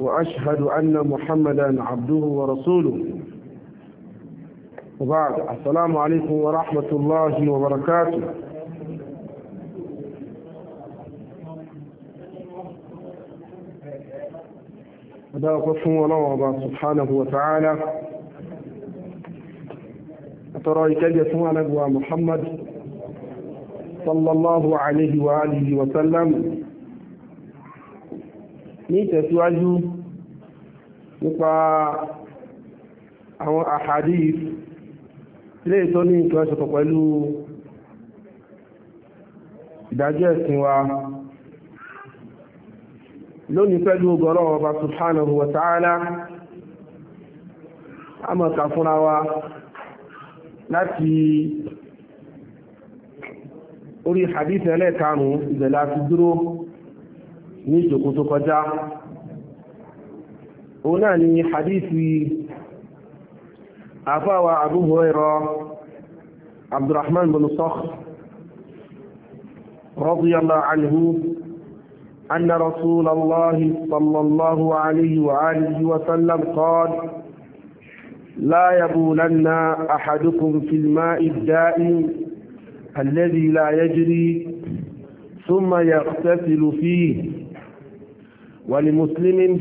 وأشهد أن محمدا عبده ورسوله وبعد السلام عليكم ورحمة الله وبركاته هذا قسم الله سبحانه وتعالى أترى كلمة نبوة محمد صلى الله عليه وآله وسلم ní ìtẹ̀síwájú nípa àwọn ahadith ilé ìtọ́ ní nǹkan ṣọ̀pọ̀ pẹ̀lú ìdájọ́ ẹ̀sìn wa lónìí pẹ̀lú ọgọ́rọ̀ ọba subhanahu wa ta'ala a mọ̀ kà fúnra wa láti orí hadith ẹlẹ́ẹ̀karùn-ún ìbẹ̀lá ti dúró ní ìjòkó tó kọjá òun náà ni hadithi àfáwà Abu Hurairah Abdurrahman bin Sakh radiyallahu anhu أن رسول الله صلى الله عليه وآله وسلم قال لا يبولن أحدكم في الماء الدائم الذي لا يجري ثم يغتسل فيه ولمسلم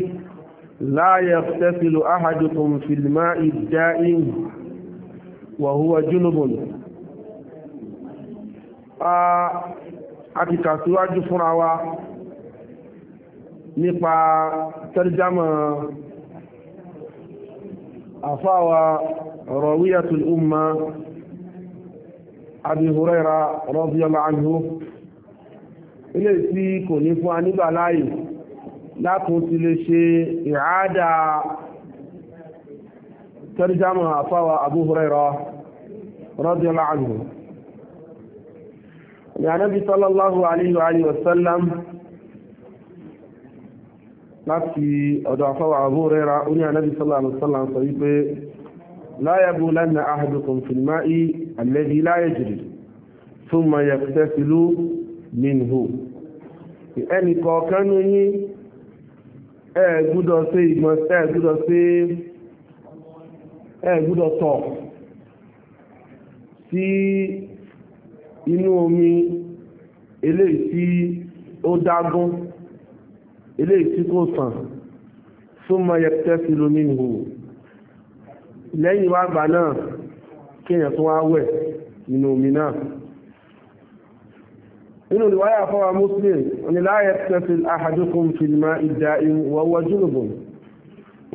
لا يغتسل أحدكم في الماء الدائم وهو جنب àti kàtíwájú fúnra wa nípa tẹ́rìjámọ̀ àfáwà rawiyatul umma Abi Huraira radiyallahu anhu ilé tí kò ní fún a nígbà láàyè látún ti lè ṣe ìhádà tẹ́rìjámọ̀ àfáwà Abu Hurairah radiyallahu anhu ìyànàbí sallallahu alayhi wa sallam láti ọ̀dọ̀ àfáwà Abu Hurairah oní ànábí sallallahu alayhi wa sallam sọ wípé la yabulanna ahadukum fil ma'i alladhi la yajri thumma yaghtasilu minhu ẹnì kọ̀ọ̀kan ní yín ẹ gbúdọ̀ ṣe ìgbọ̀nsẹ̀ ẹ gbúdọ̀ ṣe ẹ gbúdọ̀ tọ̀ sí inú omi eléyìí tí ó dágún eléyìí tí kò sàn súnmọ́ yẹpẹ́ sí lómi nìhò lẹ́yìn wá gbà náà kéèyàn tó wá wẹ̀ nínú omi náà nínú ìwáyà fọwọ́ muslim ní láyé tẹ́sí àhàdùkùn fìlìmà ìdá ìwọ̀wọ̀ jùlùbùn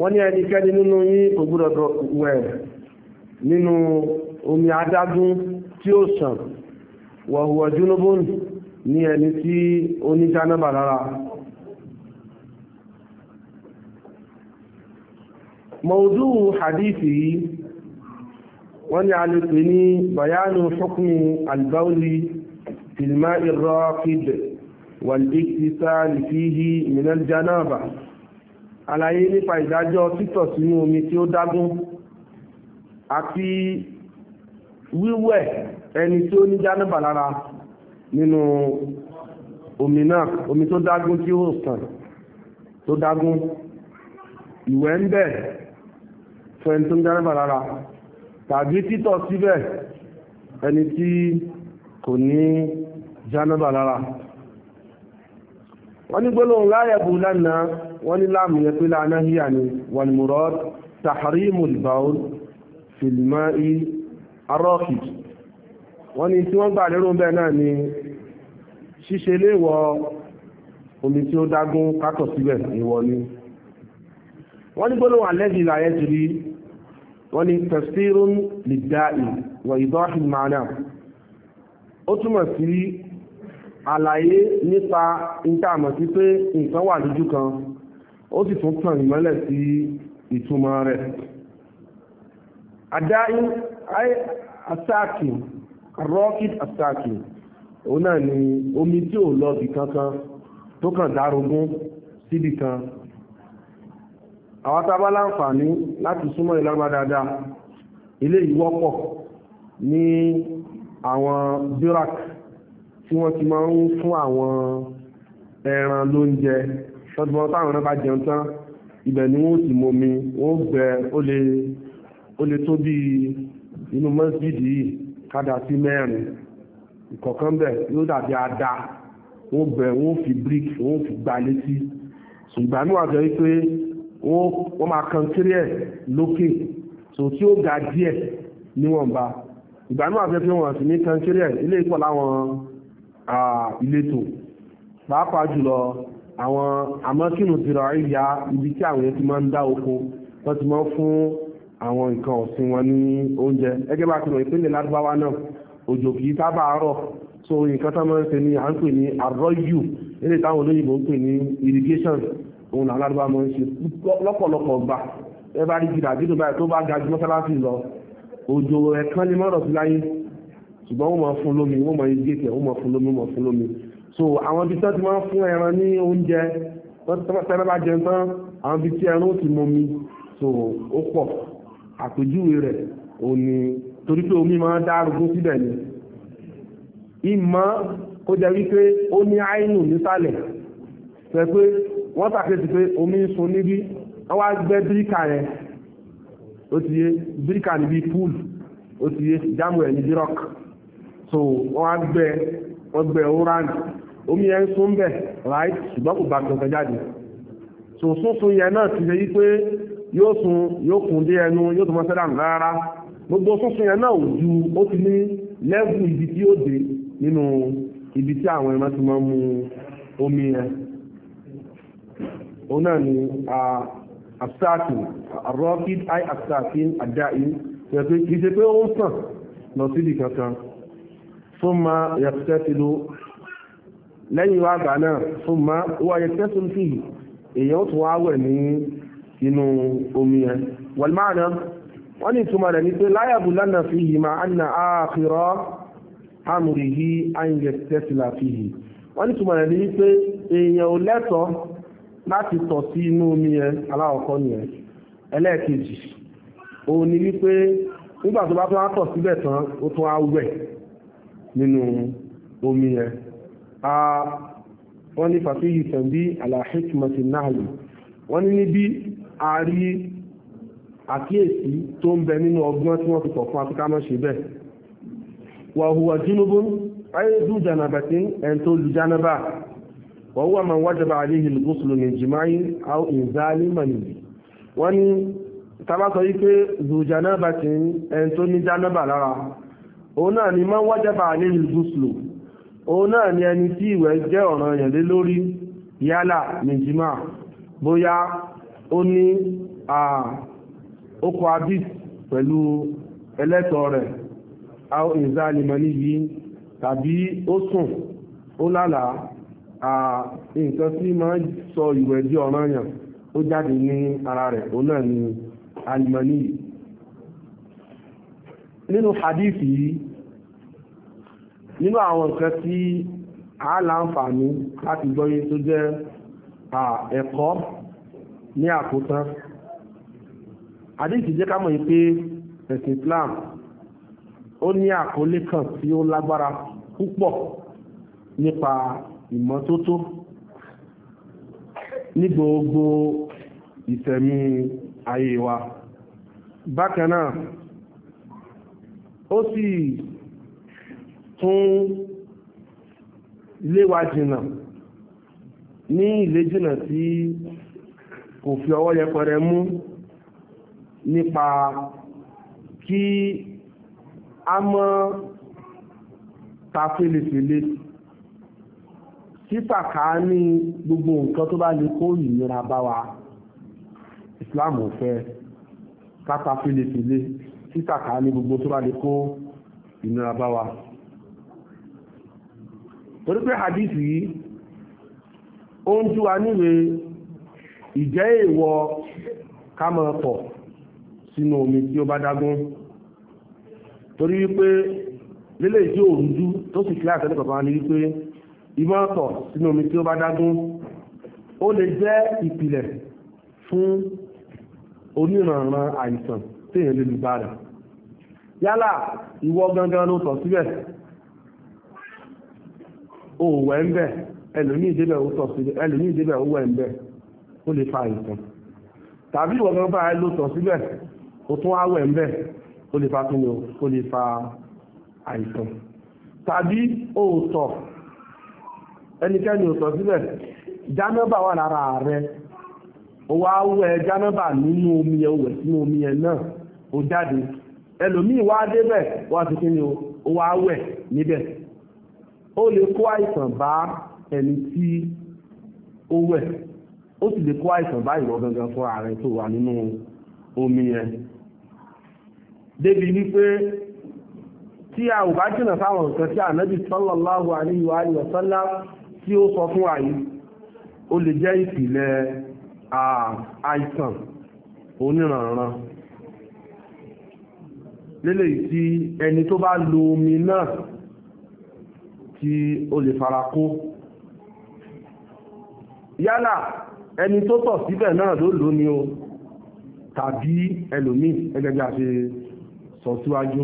wọ́n ní ẹnikẹ́ni nínú yín kò gbúdọ̀ wẹ̀ nínú omi adágún tí ó sàn wọ̀wọ̀ jùlùbùn ní ẹni tí oníjánábà lára mọ̀ọ́dú hadithi yìí wọ́n ní a lè pè ní bayanu hukmi albauli في الماء الراكد والاكتسال فيه من الجنابة àlàyé nípa ìdájọ́ títọ̀ sínú omi tí ó dágún àti wíwẹ̀ ẹni tí ó ní jánàbà lára nínú omi náà omi tó dágún tí ó sàn tó dágún ìwẹ̀ ń bẹ̀ fún ẹni tó ní jánàbà lára jánábà lára wọ́n ní gbólóhùn láyẹ̀bù lánàá wọ́n ní láàmù yẹ pé láàná híyà ni wàlmùrọ́ tàhàrímù ìbáwọ́n fìlìmá i arọ́kì wọ́n ní tí wọ́n gbà lérò bẹ́ẹ̀ náà ni ṣíṣe léèwọ̀ omi tí ó dágún kátọ̀ síbẹ̀ ìwọ ni wọ́n ní gbólóhùn alẹ́bì láyẹ̀ jùlí wọ́n ní tafsirun lìdáì wọ̀ ìdọ́hìn àlàyé nípa ìtààmọ̀ sí pé nǹkan wà lójú kan ó sì tún tàn ìmọ́lẹ̀ sí ìtumọ̀ rẹ̀ àdáyé asáàkì rocket asáàkì ó náà ni omi tí ò lọ bì kankan tó kàn dárogún síbì kan àwọn tábá láǹfààní láti súnmọ́ ìlàgbà dáadáa ilé ìwọ́pọ̀ ní àwọn birak tí wọ́n ti máa ń fún àwọn ẹran lóúnjẹ tọ́júmọ́ táwọn ẹran bá jẹun tán ibẹ̀ ni wọ́n ti momi wọ́n gbẹ ó lè tó bí inú mọ́sídìí yìí kádà sí mẹ́rin ìkọ̀kan bẹ̀ yóò dàbí ada wọ́n gbẹ wọ́n fi brick wọ́n fi gbà létí ṣùgbọ́n mi wà jẹ́ pé wọ́n máa kan kéré ẹ̀ lókè so tí ó ga díẹ̀ níwọ̀nba ìgbà mi wà jẹ́ pé wọ́n sì ní kan ẹ̀ ilé ìpọ̀ láwọn ìletò pàápàá jùlọ àwọn amọ́kínú tìrọ̀ ìyá ibi tí àwọn èèyàn ti máa ń dá oko wọ́n ti máa ń fún àwọn nǹkan ọ̀sìn wọn ní oúnjẹ gẹ́gẹ́ bá ti mọ̀ ìpínlẹ̀ ládùbáwá náà òjò kì í sábà rọ̀ so nǹkan tó máa ń ṣe ní à ń pè ní àrọ́yù ilé táwọn olóyìnbó ń pè ní irrigation òun làwọn aládùbá máa ń ṣe lọ́pọ̀lọpọ̀ gbà ẹ bá rí jìdà dídùn báyìí tó bá ga ju mọ́sálásì lọ òjò ẹ̀kan ni mọ́rọ̀ sí láyé ṣùgbọ́n wọ́n máa fún lómi wọ́n máa yege tẹ̀ wọ́n máa fún lómi wọ́n máa fún lómi so àwọn ibi tí wọ́n ti máa ń fún ẹran ní oúnjẹ tẹ́lẹ̀ jẹun tán àwọn ibi tí ẹran ó ti mọ so ó pọ̀ àpèjúwe rẹ̀ òun ni torí pé omi máa ń dá arúgbó síbẹ̀ ni ìmọ̀ ó jẹ́ wípé ó ní àínù nísàlẹ̀ pẹ̀ pé wọ́n ṣàkíyèsí pé omi ń sun níbí wọ́n wá gbẹ́ bíríkà yẹn ó ti yé bíríkà níbi púùlù ó ti yé jámù ẹ̀ ní bírọ́kì so wọn á gbẹ wọ́n omi yẹn sún bẹ̀ right ṣùgbọ́n kò bá kankan jáde so sunsun yẹn náà ti ṣe yí pé yóò sun yóò kùn dé ẹnu yóò tún mọ́ sẹ́dà rárá gbogbo sunsun yẹn náà ju ó ti ní lẹ́gùn ibi tí ó dé nínú ibi tí àwọn ẹran ti máa mu omi yẹn òun náà ni àṣàkì àrọ́kì àṣàkì àdáyé kì í ṣe pé ó ń sàn lọ síbi kankan. thumma yaghtasilu lẹ́yìn wá gbà náà thumma huwa yaghtasilu fihi èèyàn ó tún wá wẹ̀ ní inú omi yẹn wal ma'na wọ́n ní ìtumọ̀ rẹ̀ ní pé la yabulanna fihi ma anna akhira amrihi an yagtasila fihi wọ́n ní ìtumọ̀ rẹ̀ ní pé èèyàn ò lẹ́tọ̀ọ́ láti tọ̀ sí inú omi yẹn aláwọ̀kọ́ nìyẹn ẹlẹ́ẹ̀kejì òun ni wípé nígbà tó bá tún á tọ̀ síbẹ̀ tán ó tún á wẹ̀ nínú omi yẹn wọ́n ní fàfihì tàbí aláhìkìmọ̀tì náàlù wọ́n ní níbi a rí àkíyèsí tó ń bẹ nínú ọgbọ́n tí wọ́n fi kọ̀ fún afirika mọ́ṣe bẹ́ẹ̀ wàhùwà jínúbó ayé dùn jànàbàtí ẹn tó lù jànàbà wàhùwà man wájaba àléhì lùgúsùlù ní jìmáyí àwọn ìzáàlì mọ̀nìyàn wọ́n ní tabátọ̀ yí pé zùjànàbàtí ẹn tó ní jànàbà lára òun náà ni man wajaba alayhi al-ghuslu òun náà ni ẹni tí ìwẹ̀ jẹ́ ọ̀ràn yẹn lé lórí yálà nìjímà bóyá ó ní okò abis pẹ̀lú ẹlẹ́tọ̀ rẹ̀ ao ìzánimọ̀ níbi tàbí ó sùn ó lálàá nǹkan tí máa sọ ìwẹ̀ di ọ̀ràn yẹn ó jáde ní ara rẹ̀ òun náà ni alimọ̀ níbi nínú hadithi yìí nínú àwọn nǹkan tí a láǹfààní láti gbọ́yé tó jẹ́ ẹ̀kọ́ ní àkótán hadithi jẹ́ ká mọ̀ pé ẹ̀sìn Islam ó ní àkọlé kan tí ó lágbára púpọ̀ nípa ìmọ́tótó ní gbogbo ìṣẹ̀mí ayé wa bákan náà ó sì tún léwa jìnnà ní ilé jìnnà tí kò fi ọwọ́ yẹpẹrẹ mú nípa kí a mọ́ ta fèlèfèlè títàkà ní gbogbo nǹkan tó bá lè kó ìnira bá wa Islam ò fẹ́ káta fèlèfèlè títàkà ní gbogbo tó bá lè kó ìnira bá wa torí pé hadith yìí ó ń tú wa níwe ìjẹ́ èèwọ̀ ká máa pọ̀ sínú omi tí ó bá dágún torí wípé lílé tí ò rújú tó sì kílá àtẹ́lẹ̀ kọ̀ọ̀kan ní wípé ìmọ̀ ọ̀tọ̀ sínú omi tí ó bá dágún ó lè jẹ́ ìpìlẹ̀ fún oníranran àìsàn téèyàn lè lùgbà rẹ̀ yálà ìwọ gangan ló tọ̀ síbẹ̀ òwẹ̀ ń bẹ̀ ẹlòmí ìdébẹ̀ ó tọ̀ síbẹ̀ ẹlòmí ìdébẹ̀ ó wẹ̀ ń bẹ̀ ó lè fa àìsàn tàbí ìwọ gangan báyìí ló tọ̀ síbẹ̀ ó tún áwẹ̀ ń bẹ̀ ó lè fa túnú ó lè fa àìsàn tàbí òòtọ̀ ẹnikẹ́ni òòtọ̀ síbẹ̀ jánábà wà lára rẹ̀ ó wá wẹ̀ jánábà nínú omi ẹ̀ wẹ̀ sínú omi ẹ̀ náà ó jáde ẹlòmíì wá débẹ̀ wá ti kí ni ó wá wẹ̀ níbẹ̀ ó lè kó àìsàn bá ẹni tí ó wẹ̀ ó sì lè kó àìsàn bá ìwọ gangan fún ààrẹ tó wà nínú omi yẹn débi wípé tí a ò bá jìnà sáwọn nǹkan tí ànábì sallallahu alayhi wa alihi wa sallam tí ó sọ fún àyí ó lè jẹ́ ìpìlẹ̀ àìsàn onírànran lélè tí ẹni tó bá lo omi náà tí ó lè fara kó yálà ẹni tó tọ̀ síbẹ̀ náà ló lò ní o tàbí ẹlòmíì ẹgbẹ̀gbẹ̀ àṣẹ sọ síwájú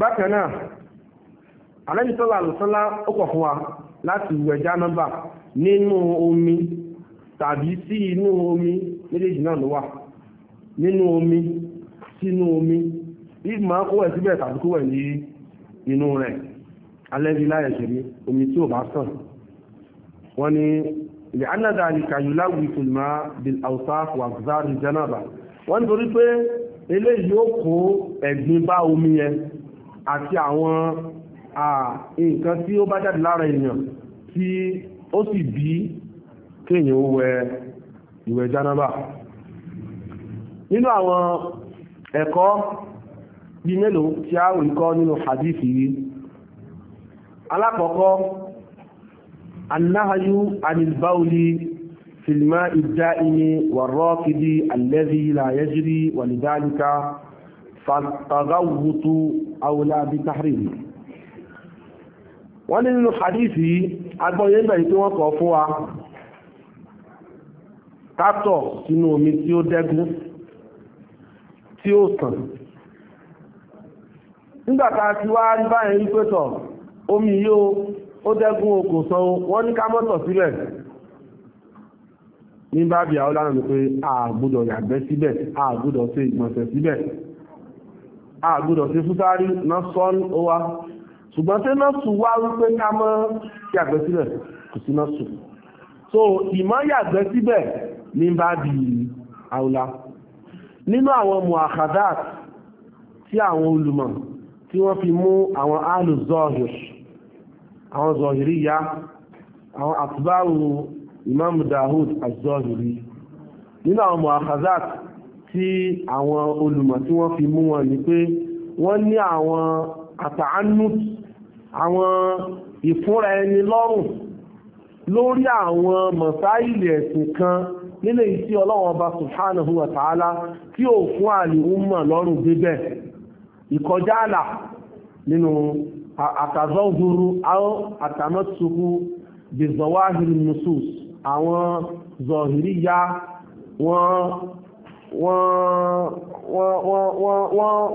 bákan náà ó kọ̀ fún wa láti wẹ̀ jánábà nínú omi tàbí sí inú omi méjèèjì náà ló wà nínú omi sínú omi ìgbà kó wẹ̀ síbẹ̀ tàbí kó wẹ̀ ní inú rẹ̀ alẹ́bí láyé ṣèlú omi tí ò bá sàn wọ́n ní ilẹ̀ anádà ní kàyúlá wìtùlmá bil awsaf wà zari janaba wọ́n nítorí pé eléyìí yóò kó ẹ̀gbin bá omi yẹn àti àwọn nǹkan tí ó bá jáde lára èèyàn tí ó sì bí kéèyàn ó wẹ̀ ìwẹ̀ janaba nínú àwọn ẹ̀kọ́ bí mélòó tí a rí kọ́ nínú hadithi yìí alákọ̀ọ́kọ́ annahayu anilbauli filma ìdáìní wàrọ́kìdí alẹ́rí láyẹ́jírí wàlìdáríká fàtàgáwùtú awulábí tahriri wọ́n ní nínú hadithi agbọ́yé ń bẹ̀rẹ̀ tí wọ́n kọ̀ fún wa kátọ̀ sínú omi tí ó dẹ́gún tí ó tàn nígbàtà tí wá rí báyìí rí pé tọ̀ omi yóò ó dẹ́gun okò san wọ́n ní ká mọ́tọ̀ síbẹ̀ ní bá bí àwọn lánàá ni pé àgbúdọ̀ yàgbẹ́ síbẹ̀ àgbúdọ̀ ṣe ìgbọ̀nsẹ̀ síbẹ̀ àgbúdọ̀ ṣe fúsárí náà sọ́n ó ṣùgbọ́n tí náà sùn wá wípé ká mọ́ yàgbẹ́ síbẹ̀ kò sí náà sùn so ìmọ̀ yàgbẹ́ síbẹ̀ ní bá bí àwòlá nínú àwọn muakhadat tí àwọn olùmọ̀ tí wọ́n fi mú àwọn alu zohir àwọn zohiri ya àwọn atbáwò imam dahud azohiri nínú àwọn muakhadat tí àwọn olùmọ̀ tí wọ́n fi mú wọn ní pé wọ́n ní àwọn àtàánút àwọn ìfúnra ẹni lọ́rùn lórí àwọn mọ̀sáìlì ẹ̀sìn kan nílé ìsí ọlọ́wọ́n ọba subhanahu wa ta'ala tí ò fún àlìhúnmọ̀ lọ́rùn bíbẹ̀ ìkọjá àlà nínú àtàzọ́gúrú àwọn àtàmọ́sùkú bizawahiri nusus àwọn zọ̀hìrí ya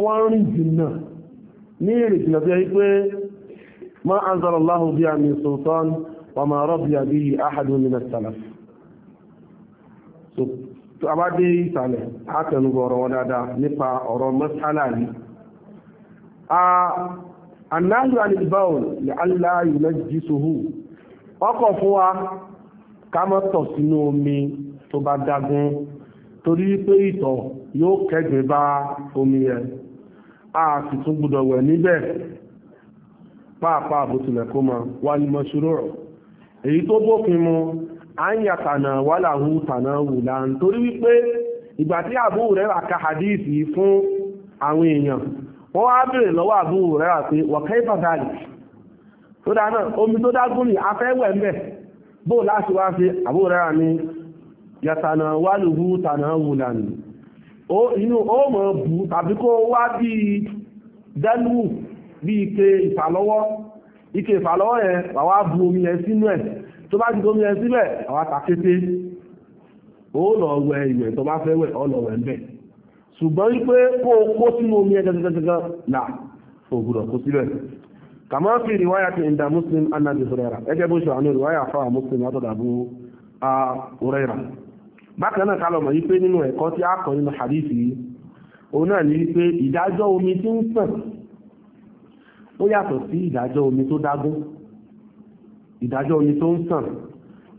wọ́n rìn jìnnà ní ìrìnjìnà tó yẹ pé ma anzalallahu biha min sultan wa ma radiya bihi ahadun min as-salaf tó a bá dé ìsàlẹ̀ á tẹnubọ̀ ọ̀rọ̀ wọn dáadáa nípa ọ̀rọ̀ mọ́sálà yìí anáyọ alìbáwò ní aláyùnà jísòhù ọkọ̀ fún wa ká má tọ̀ sínú omi tó bá dágún torí pé ìtọ̀ yóò kẹ́gbẹ́ bá omi a sì tún gbọdọ̀ wẹ̀ níbẹ̀ pàápàá bó tilẹ̀ kó mọ à ń yàtànà wàhálà hu tànà nítorí wípé ìgbà tí Abu Hurairah ka hadith fún àwọn èèyàn wọ́n wá bèèrè lọ́wọ́ Abu Hurairah pé wọ̀kẹ́ ìfàdàlì tó náà, omi tó dágún ní afẹ́wẹ̀ ń bẹ̀ bó láti wá sí Abu Hurairah ní yàtànà wàhálà hu tànà wùlà ní inú ó mọ̀ bù tàbí kó wá bí dẹ́lù bí ike ìfàlọ́wọ́ ike ìfàlọ́wọ́ yẹn wà wá bu omi yẹn sínú ẹ̀ tó bá ti gómi ẹ síbẹ̀ àwọn àtàkété ó lọ wẹ ìwẹ̀ tó bá fẹ́ wẹ̀ ọ lọ wẹ̀ ń bẹ̀ ṣùgbọ́n wípé kó o kó sínú omi ẹ gẹ́gẹ́gẹ́gẹ́ là ògùrọ̀ kó síbẹ̀ kàmá fi rìwáyà ti ìdá muslim anabi hurera ẹgẹ́ bó ṣe àwọn rìwáyà fáwọn muslim látọ̀dà bú hurera bákan náà ká lọ mọ̀ wípé nínú ẹ̀kọ́ tí a kọ́ nínú hadith yìí òun náà ní wípé ìdájọ́ omi tí ń sàn ó yàtọ̀ sí ìdájọ́ omi tó dágún ìdájọ́ omi tó ń sàn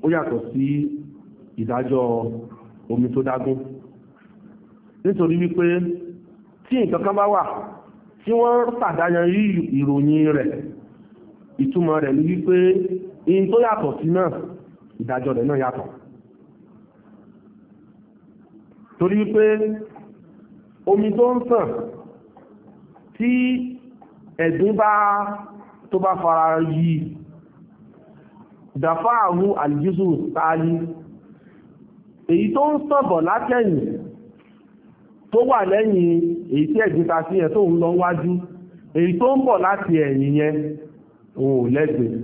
ó yàtọ̀ sí ìdájọ́ omi tó dágún nítorí wípé tí nǹkan kan bá wà tí wọ́n pàdánà rí ìròyìn rẹ̀ ìtumọ̀ rẹ̀ ní wípé in tó yàtọ̀ sí náà ìdájọ́ rẹ̀ náà yàtọ̀ torí wípé omi tó ń sàn tí ẹ̀dùn bá tó bá fara yìí dàfáàrú àlìjísù tààlì èyí tó ń sọ̀bọ̀ látẹ̀yìn tó wà lẹ́yìn èyí tí ẹ̀gbẹ́ta sí ẹ̀ tó ń lọ wájú èyí tó ń bọ̀ láti ẹ̀yìn yẹn òun ò lẹ́gbẹ̀ẹ́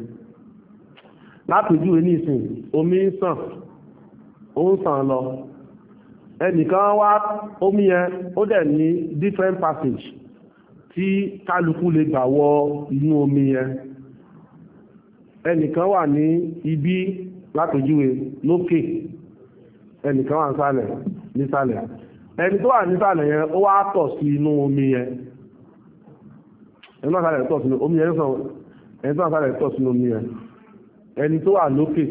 lápèjúwe nísìn omi ń sàn ó ń sàn lọ ẹnìkan wá omi yẹn ó dẹ̀ ní different passage tí kálukú lè gbà wọ inú omi yẹn ẹnìkan wà ní ibi látòjúwe lókè ẹnìkan wà nísàlẹ̀ nísàlẹ̀ ẹni tó wà nísàlẹ̀ yẹn ó wá tọ̀ sí inú omi yẹn ẹni tó wà nísàlẹ̀ tọ̀ sínú omi yẹn sọ ẹni tó wà nísàlẹ̀ tọ̀ sínú omi yẹn ẹni tó wà lókè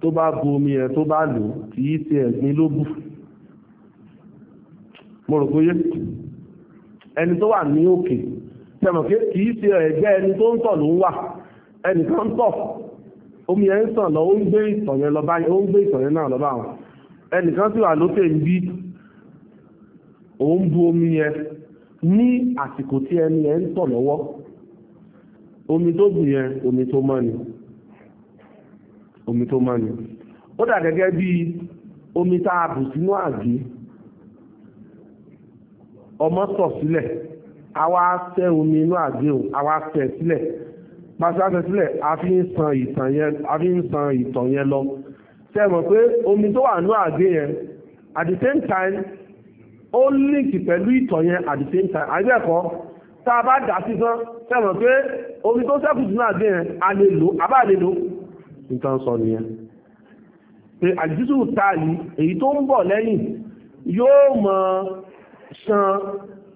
tó bá bu omi yẹn tó bá lò kì í ṣe ẹ̀gbin ló mo rò pé yé ẹni tó wà ní òkè tẹmọ̀ kì í ṣe ẹ̀gbẹ́ ẹni tó ń tọ̀ ló ń wà. ẹnìkan ń tọ̀ omi ẹ̀ ń sàn lọ ó ń gbé ìtọ̀yẹn lọ báyìí ó ń gbé ìtọ̀yẹn náà lọ báwọn ẹnìkan sì wà lókè ń bí òun bu omi yẹn ní àsìkò tí ẹni ẹ̀ ń tọ̀ lọ́wọ́ omi tó bù yẹn omi tó mọ́ ni omi tó mọ́ ni ó dà gẹ́gẹ́ bí omi tá a bù sínú àgé ọmọ sọ̀ sílẹ̀ àwa fẹ́ omi inú àgé o àwa fẹ́ sílẹ̀ pàṣẹ sílẹ̀ a fi ń san ìtàn yẹn a fi ń san ìtàn yẹn lọ ṣe mọ̀ pé omi tó wà ní àgbé yẹn at the same time ó link pẹ̀lú ìtàn yẹn at the same time àgbẹ̀kọ́ tá a bá dà sí tán ṣe mọ̀ pé omi tó sẹ́kù sínú àgbé yẹn a lè lò a bá lè lò nǹkan sọ nìyẹn pé àjíṣù ta yìí èyí tó ń bọ̀ lẹ́yìn yóò mọ̀ san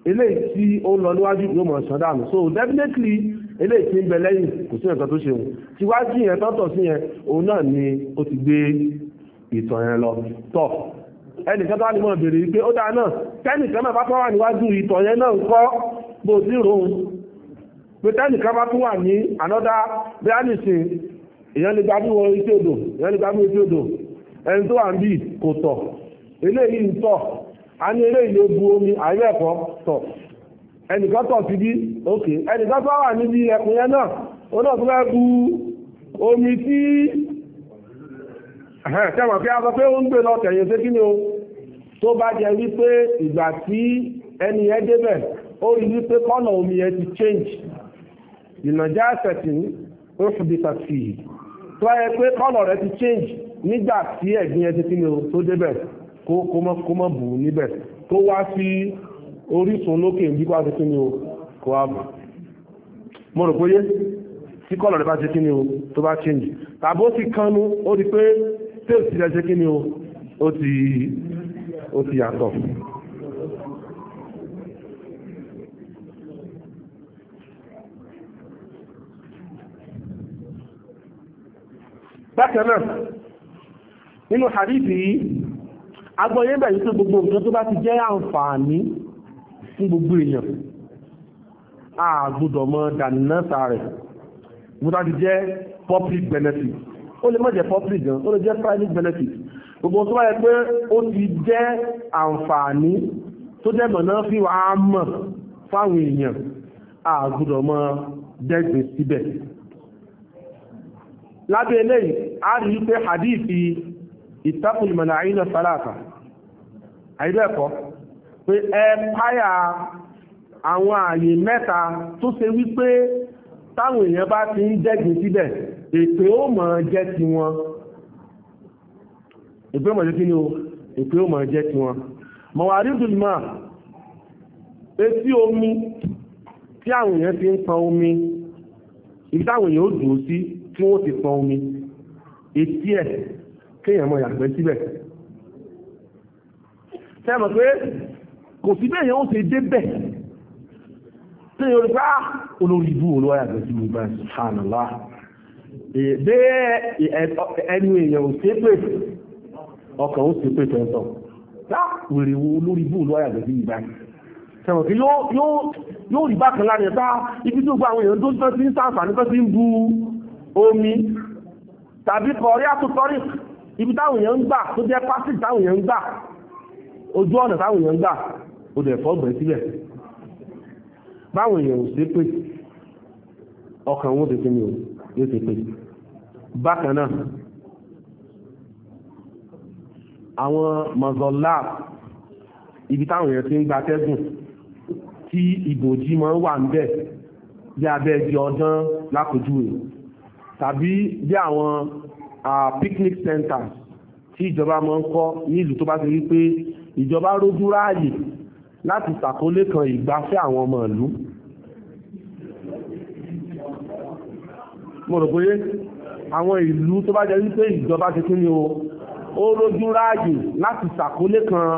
eléyìí tí ó lọ níwájú yóò mọ̀ san dànù so definitely eléyìí tí ń bẹ lẹ́yìn kò sí nǹkan tó ṣe òun tiwájú yẹn tọ́tọ̀ sí yẹn òun náà ni ó ti gbé ìtàn yẹn lọ tọ̀ ẹnìkan tó wà nímọ̀ béèrè wípé ó dáa náà tẹ́nìkan náà bá tó wà níwájú ìtàn yẹn náà ń kọ́ bó ti ròun pé tẹ́nìkan bá tún wà ní anọ́dá bíánìsìn èèyàn lè gbábí wọ etí odò èèyàn lè gbábí etí odò ẹni tó wà ń bì kò tọ̀ eléyìí ń tọ̀ a ní eléyìí ló bu omi àìbẹ̀ẹ̀kọ́ tọ̀ ẹnìkan tọ̀ sí bí òkè ẹnìkan tó wà níbi ẹkùn yẹn náà ó náà tó fẹ́ bu omi tí ṣẹ́wọ̀n pé a sọ pé ó ń gbé lọ tẹ̀yìn sí kíni o tó bá jẹ wípé ìgbà tí ẹni yẹn débẹ̀ ó rí wípé kọ́nà omi yẹn ti change ìnàjà ẹ̀sẹ̀tì ó fi bí tàfì tó yẹ pé kọ́nà rẹ̀ ti change nígbà tí ẹ̀gbìn yẹn ti kíni o tó débẹ̀ kó mọ́ bù níbẹ̀ tó wá sí orísun lókè ń bí kó àfikún ni o kò wá mọ̀ mo rò pé tí kọ́lọ̀ rẹ̀ bá ṣe kí ni o tó bá change tàbí ó ti kánú ó di pé tape ti rẹ̀ ṣe kí ni o ó ti ó ti yàtọ̀ bákan náà nínú hadithi yìí agbọ́yẹ́bẹ̀ yìí tó gbogbo nǹkan tó bá ti jẹ́ àǹfààní fún gbogbo èèyàn àgbùdọ̀ mọ́ dànínátà rẹ̀ mútà ti jẹ́ public benefit ó lè má jẹ́ public gan ó lè jẹ́ private benefit gbogbo tó báyẹ pé ó ti jẹ́ àǹfààní tó jẹ́ mọ̀nà fi wà á mọ̀ fáwọn èèyàn àgbùdọ̀ mọ́ dẹ́gbẹ̀ síbẹ̀ lábẹ́ eléyìí a rí pé hadithi ìtàkùn ìmọ̀nà àìyàn sálàkà àìbẹ́ẹ̀kọ́ pé ẹ páyà àwọn ààyè mẹ́ta tó ṣe wípé táwọn èèyàn bá ti ń jẹ́gbìn síbẹ̀ èpè ó mọ̀ jẹ́ ti wọn èpè ó mọ̀ jẹ́ kí ni o èpè ó mọ̀ jẹ́ ti wọn mọ̀wàrídùn mọ̀ etí omi tí àwọn èèyàn ti ń pọn omi ibi táwọn èèyàn ó dùn sí tí wọ́n ti pọn omi etí ẹ̀ kéèyàn mọ̀ yàgbẹ́ síbẹ̀ tẹ́mọ̀ pé kò sí bẹ́ẹ̀ yẹn ó ṣe dé bẹ̀ tí yóò rí pé ah olórí ibú olówó yàtọ̀ sí gbogbo ẹ̀ subhanallah èdè ẹnu èèyàn ò ṣe pé ọkàn ó ṣe pé tẹ̀sán tá wèrè wo olórí ibú olówó yàtọ̀ sí gbogbo ẹ̀ sẹ̀wọ̀n kí yóò rí bákan lára ẹ̀ta ibi tó gba àwọn èèyàn tó tọ́ sí ń sáàfà ní tọ́ sí ń bu omi tàbí kọ̀rí àtúkọ́rí ibi táwọn èèyàn ń gbà tó jẹ́ pásítì táwọn èèyàn ń gbà ojú ọ̀nà táwọn èèyàn ń gbà ó dẹ̀ fọ́gbẹ̀ sílẹ̀ báwọn èèyàn ò ṣe pé ọkàn wọn tètè ni ò yóò ṣe pé bákan náà àwọn mọ̀zọ̀lá ibi táwọn èèyàn ti ń gba tẹ́gùn tí ìbòjí ma ń wà ń bẹ̀ bí abẹ́ di ọdán lápòjúwe tàbí bí àwọn picnic center. tí ìjọba máa ń kọ́ ní ìlú tó bá ti rí pé ìjọba rójú ráàyè láti ṣàkólé kan ìgbafẹ́ àwọn ọmọ ìlú mo rò pé àwọn ìlú tó bá jẹ́ wípé ìjọba ti kí ni o ó rójú ráàyè láti ṣàkólé kan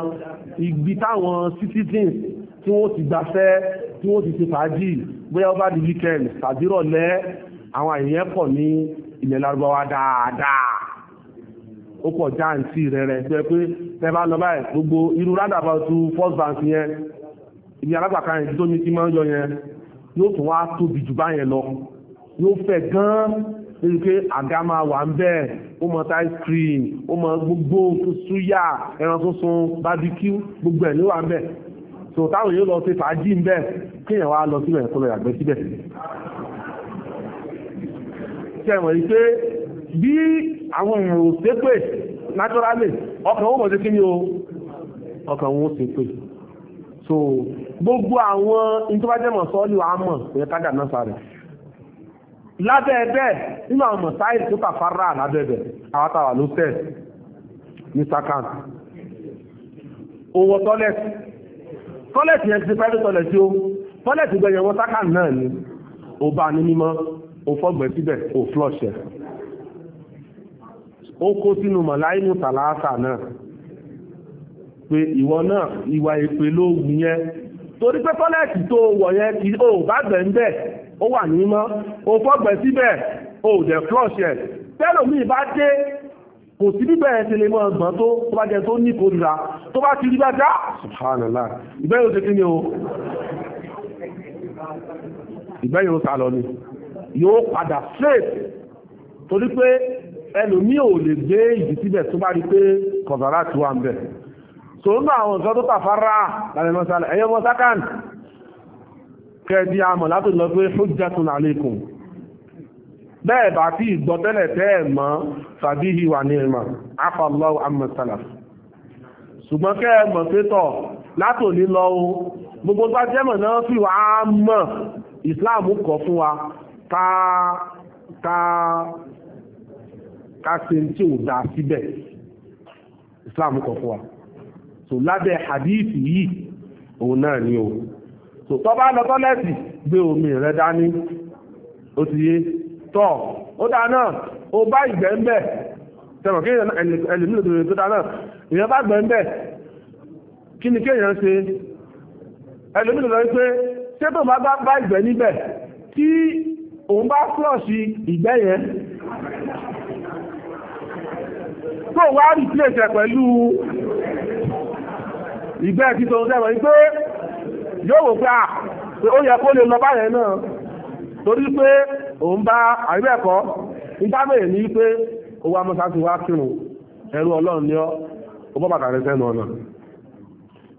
ibi táwọn citizens tí wọ́n ti gbafẹ́ tí wọ́n ti ṣe fàájì bóyá ó bá di weekend tàbí rọ̀lẹ́ àwọn àyẹ̀yẹ́ pọ̀ ní ilẹ̀ lárúbáwá dáadáa ó pọ̀ jáǹtì rẹ̀rẹ̀ tó yẹ pé tẹ bá lọ báyìí gbogbo irú rádàbà tu first bank yẹn ibi alágbàká yẹn tó ní ti máa ń yọ yẹn yóò tún wá tóbi jù báyẹn lọ yóò fẹ̀ gan-an lórí pé àga máa wà ń bẹ́ẹ̀ ó mọ ice cream ó mọ gbogbo súyà ẹran tuntun barbecue gbogbo ẹ̀ ló wà ń bẹ̀ so táwọn yóò lọ ṣe fàájì ń bẹ̀ kéèyàn wá lọ síbẹ̀ kó lọ yàgbẹ́ síbẹ̀. ṣé ẹ mọ̀ yìí bí àwọn èèyàn ò sé pé naturally ọkàn kí o ọkàn wọn ó sé pé so gbogbo àwọn intubajẹmọ sọọlù àmọ ìyẹn kájà náà sáré lábẹ́ ẹ̀bẹ́ nínú àwọn mọ̀sáìlì tó kàfàrà lábẹ́ ẹ̀bẹ̀ àwọn tàwà ló tẹ̀ ní sakan owó tọ́lẹ̀tì tọ́lẹ̀tì yẹn ti pẹ́lú tọ́lẹ̀tì ó tọ́lẹ̀tì gbẹ̀yẹ̀wọ́ sakan náà ni ó bá ní mímọ́ ó fọ́gbẹ̀ síbẹ̀ ó flọ́ṣẹ̀ ó kó sínú mọ̀láínú tàlàáta náà pé ìwọ náà ìwà èpè ló wù yẹn torí pé tọ́lẹ̀tì tó wọ̀ yẹn kì ó bá gbẹ̀ ń bẹ̀ ó wà ní mọ́ ó fọ́gbẹ̀ síbẹ̀ ó dẹ̀ flush ẹ̀ tẹ́lòmíì bá dé kò sí bíbẹ̀ ẹ̀sẹ̀ lè mọ́ ọgbọ̀n tó tó bá jẹ tó ní kòrìra tó bá ti rí bá já subhanallah ìbẹ́yìn oṣù kíni o ìbẹ́yìn oṣù àlọ́ ni yóò padà straight torí pé ẹlòmí ò lè gbé ìdí síbẹ̀ tó bá rí pé kọ̀sàrà tí wà ń bẹ̀ tó ń bá àwọn nǹkan tó tàfárá lálẹ́ mọ́sálẹ̀ ẹ̀yọ́ mọ́ sákàn kẹ́ẹ̀dí amọ̀ látò lọ pé hujjatun alaykum bẹ́ẹ̀ bá tí ìgbọ́ tẹ́lẹ̀ tẹ́ẹ̀ mọ́ tàbí ìwà ní ìmọ̀ afọlọ́wọ́ amọ̀sálà ṣùgbọ́n kẹ́ẹ̀ mọ̀ pé tọ̀ látò lọ o gbogbo bá jẹ́mọ̀ náà fi wà mọ̀ ìsìláàmù kọ̀ fún wa ta káṣe tí ò dáa síbẹ̀ islam kọ̀kọ́ wa so lábẹ́ hadithi yìí òun náà ni o so tọ́ bá lọ tọ́lẹ́tì gbé omi rẹ dání ó ti yé tọ́ ó dáa náà ó bá ìgbẹ́ ń bẹ̀ tẹ̀wọ̀n kí ẹlòmíràn tó tó dáa náà èèyàn bá gbẹ́ ń bẹ̀ kí ni kéèyàn ṣe ẹlòmíràn lọ pé ṣé tó bá bá ìgbẹ́ níbẹ̀ tí òun bá flọ́ọ̀ṣì ìgbẹ́ yẹn tó wá rí pléṣẹ̀ pẹ̀lú ìgbẹ́ ti tó ń sẹ́wọ̀n wípé yóò wò pé à pé ó yẹ kó lè lọ báyẹn náà torí pé òun bá àríbẹ̀kọ́ ìdámẹ̀yẹ̀ ní pé ó wá mọ́sá ti wá kírun ẹrú ọlọ́run ní ọ́ ó bọ́ bàtà rẹ sẹ́nu ọ̀nà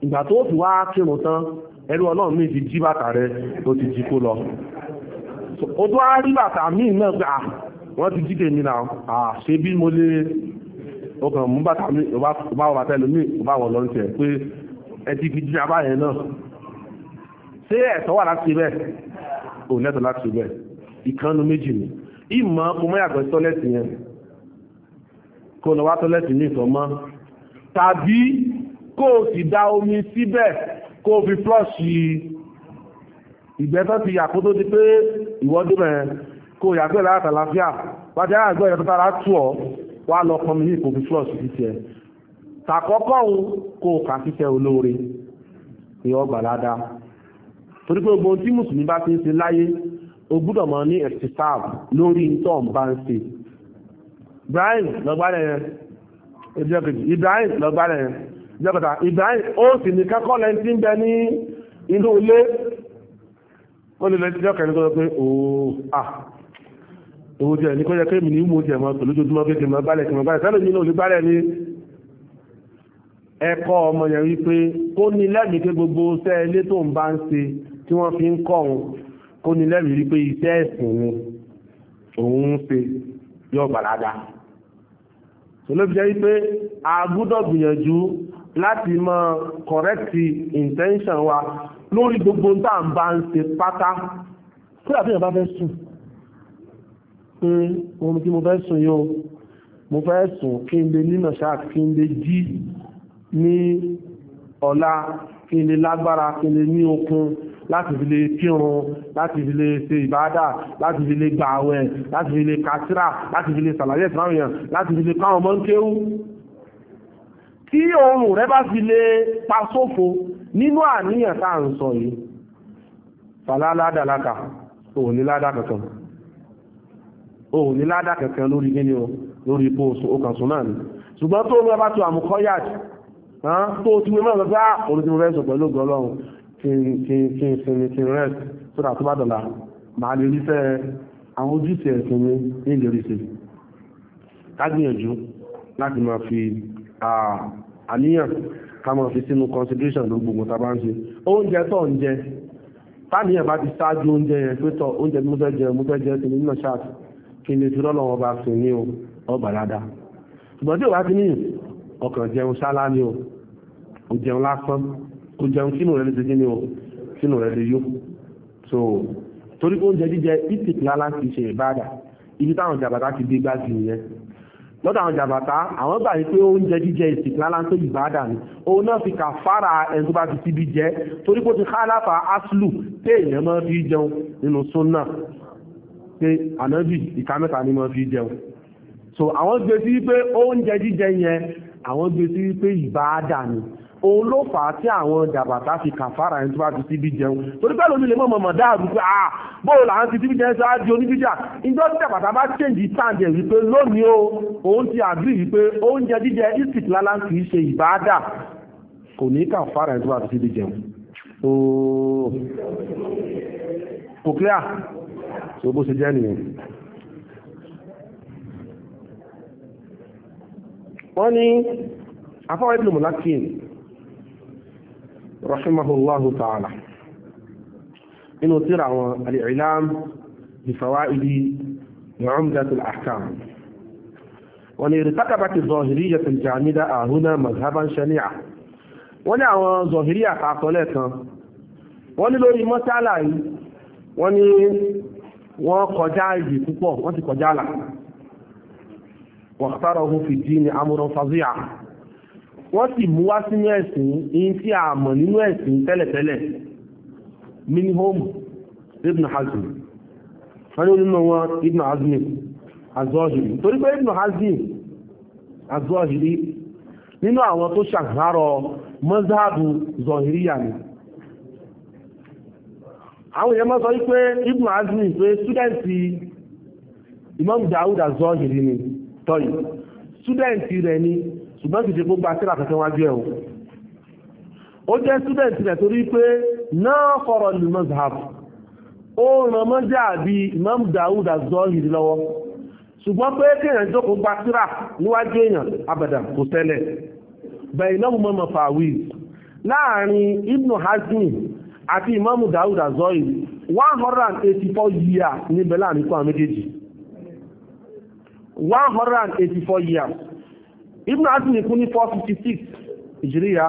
ìgbà tó fi wá kírun tán ẹrú ọlọ́run mi ti jí bàtà rẹ tó ti jí kó lọ ó tó á rí bàtà míì náà pé à wọ́n ti jí tèmi náà à mo lè ó kàn mú bàtà mi ó bá wọ bàtà ẹlòmíì ó bá wọ lọ́rùn tiẹ̀ pé ẹ ti fi dídá báyẹn náà ṣé ẹ̀tọ́ wà láti bẹ́ẹ̀ ò lẹ́tọ̀ láti bẹ́ẹ̀ ìkànnù méjì ni ìmọ̀ kò mọ́ yàgbẹ́ tọ́lẹ́tì yẹn kó lọ wá tọ́lẹ́tì ní ìtọ́ mọ́ tàbí kó o sì da omi síbẹ̀ kó o fi flọ́ọ̀ṣì ìgbẹ́tọ́ ti yà kó tó di pé ìwọ́dún mẹ́rin kó o yàgbẹ́ láàtàláfíà wájú àgbẹ̀ ìyàtọ̀ tára tù ọ́ wá lọ pọnmi ní ìkòkí flọ́ọ̀sì títí ẹ tàkọ́kọ́ òun kò kà síṣẹ́ olóore ìyọ́ gbàládá torí pé gbogbo tí mùsùlùmí bá ti ń ṣe láyé o gbúdọ̀ mọ̀ ní ẹ̀sìtáàb lórí tó ń bá ń ṣe Ibrahim lọ́gbàlẹ̀ yẹn Ibrahim lọ́gbàlẹ̀ yẹn ìjọba Ibrahim ó sì ní kẹ́kọ́ lẹ́yìn tí ń bẹ ní inú ilé ó lè lọ sí ìjọkẹ́ni tó lọ pé òó ah owó jẹ́ ní kọ́jẹ́ pé mi ní mú jẹ́ mọ́ pẹ̀lú ojoojúmọ́ pé kí máa gbálẹ̀ kí máa gbálẹ̀ sálẹ̀ nínú olùgbálẹ̀ ni ẹ̀kọ́ ọmọ yẹn wípé kó ní lẹ́mìí pé gbogbo iṣẹ́ ilé tó ń bá ń ṣe tí wọ́n fi ń kọ́ kó ní lẹ́mìí wípé iṣẹ́ ẹ̀sìn ni òun ń ṣe yọ gbàlágà olóbi jẹ́ wípé a gbọ́dọ̀ gbìyànjú láti mọ kọ̀rẹ́kì intention wa lórí gbogbo tá à ń bá ń ṣe pátá kó dàbí ìyàn bá fẹ́ sùn pé oorun tí mo fẹ́ sùn yóò mo fẹ́ sùn kí n lè nínà ṣáà kí n lè jí ní ọ̀la kí n lè lágbára kí n lè ní okun láti fi lè kírun láti fi lè ṣe ìbádà láti fi lè gbà àwẹ̀ láti fi lè kásírà láti fi lè sàlàyé ìsìláwìyàn láti fi lè káwọn ọmọ ń kéwú tí oorun rẹ bá fi lè pa sófo nínú àníyàn tá à ń sọ yìí fàláládàlákà òun ládà kankan o ní ládà kankan lórí gíní o lórí ipò ọkàn sùn náà ni ṣùgbọ́n tó mú ẹbá tó àmúkọ́yà tó ti wé mọ́ gbá orí tí mo fẹ́ sọ pẹ̀lú ògùn ọlọ́run kí n sinmi kí n rest so that tó bá dọ̀la màá lè rí fẹ́ àwọn ojúṣe ẹ̀sìn mi ní ìlérí sí ká gbìyànjú láti máa fi àníyàn ká máa fi sínú consideration ló gbogbo tá a bá ń ṣe oúnjẹ tó ń jẹ táníyàn bá ti ṣáájú oúnjẹ yẹn pé tọ oúnjẹ tí mo fẹ́ jẹ mo fẹ́ jẹ sí nínú ṣáàtì kí n lè fi bá sùn ní o ọgbà dáadáa ṣùgbọ́n tí ò bá ti ní ọkàn jẹun ṣálá ni o ò jẹun lásán ò jẹun sínú rẹ̀ lè ṣe kí ni o sínú rẹ̀ lè yó so torí oúnjẹ jíjẹ ìtìpìlá láti ṣe ìbáàdà ibi táwọn jàbàtà ti dé gbájú yẹn lọ́dọ̀ àwọn jàbàtà àwọn gbà pé oúnjẹ jíjẹ ìtìpìlá láti ṣe ìbáàdà ni òun náà fi kà fara ẹni tó bá ti síbi jẹ torí pé ó ti ká láfa áṣlù téèyàn máa fi jẹun nínú súnnà pé ànábì ìka mẹ́ta ni wọ́n fi jẹun so àwọn gbé sí wípé oúnjẹ jíjẹ yẹn àwọn gbé sí wípé ìbáadà ni òun ló fà á tí àwọn jàbàtà fi kàfàrà ẹni tó bá ti síbi jẹun torí pẹ́ lómi lè mọ̀ mọ̀ dáàbò pé ah bóò là ń ti síbi jẹun ṣáájú oníbíjà ìjọ tí jàbàtà bá change tàǹdì ẹ̀ wípé lónìí o òun ti àgbì wípé oúnjẹ jíjẹ istik lálá kì í ṣe ìbáàdà kò ní kàfàrà ẹni tó bá ti síbi jẹun. kò clear so bó ṣe jẹ́ nìyẹn wọ́n ní afọ́wọ́ ibn mulakin rahimahullahu ta'ala inú tíra àwọn al'ilam bifawaidi وعمدة الأحكام وأن ارتكبت الظاهرية الجامدة هنا مذهبا شنيعا wọ́n ní àwọn ظاهرية àkọlẹ̀ kan wọ́n ní lórí mọ́sálà yìí wọ́n ní wọ́n kọjá ìyè púpọ̀ wọ́n ti kọjá àlà ohun fìdí ni amúran fazíà wọ́n sì mú wá sínú ẹ̀sìn yìí tí a mọ̀ nínú ẹ̀sìn tẹ́lẹ̀tẹ́lẹ̀ minihom ibn wọ́n ní wọn ibn hazm azọ́hìrì torí pé ibn hazm azọ́hìrì nínú àwọn tó ṣàgbárọ̀ mọ́záàbù ni àwọn èèyàn máa sọ wípé Ibn Azmi pé súdẹ́ǹtì Imam Dawud az-Zahiri ni tọ́yì súdẹ́ǹtì rẹ̀ ni ṣùgbọ́n kìí ṣe gbogbo àtìrà kankan wájú ẹ̀ o ó jẹ́ súdẹ́ǹtì rẹ̀ torí pé náà kọ̀rọ̀ lè mọ́ zàbù ó ràn mọ́ jàbí Imam Dawud az-Zahiri lọ́wọ́ ṣùgbọ́n pé kéèyàn jókòó gba tìrà níwájú èèyàn abàdàn kò tẹ́lẹ̀ bẹ̀yìn náà mo mọ̀ fàwí láàrin Ibn Hazmi àti ìmáàmù Dawud azọ́ì 184 year ní bẹ̀lá àríkọ́ àwọn 184 year Ibn Hazm kún ní 456 ìjìríyà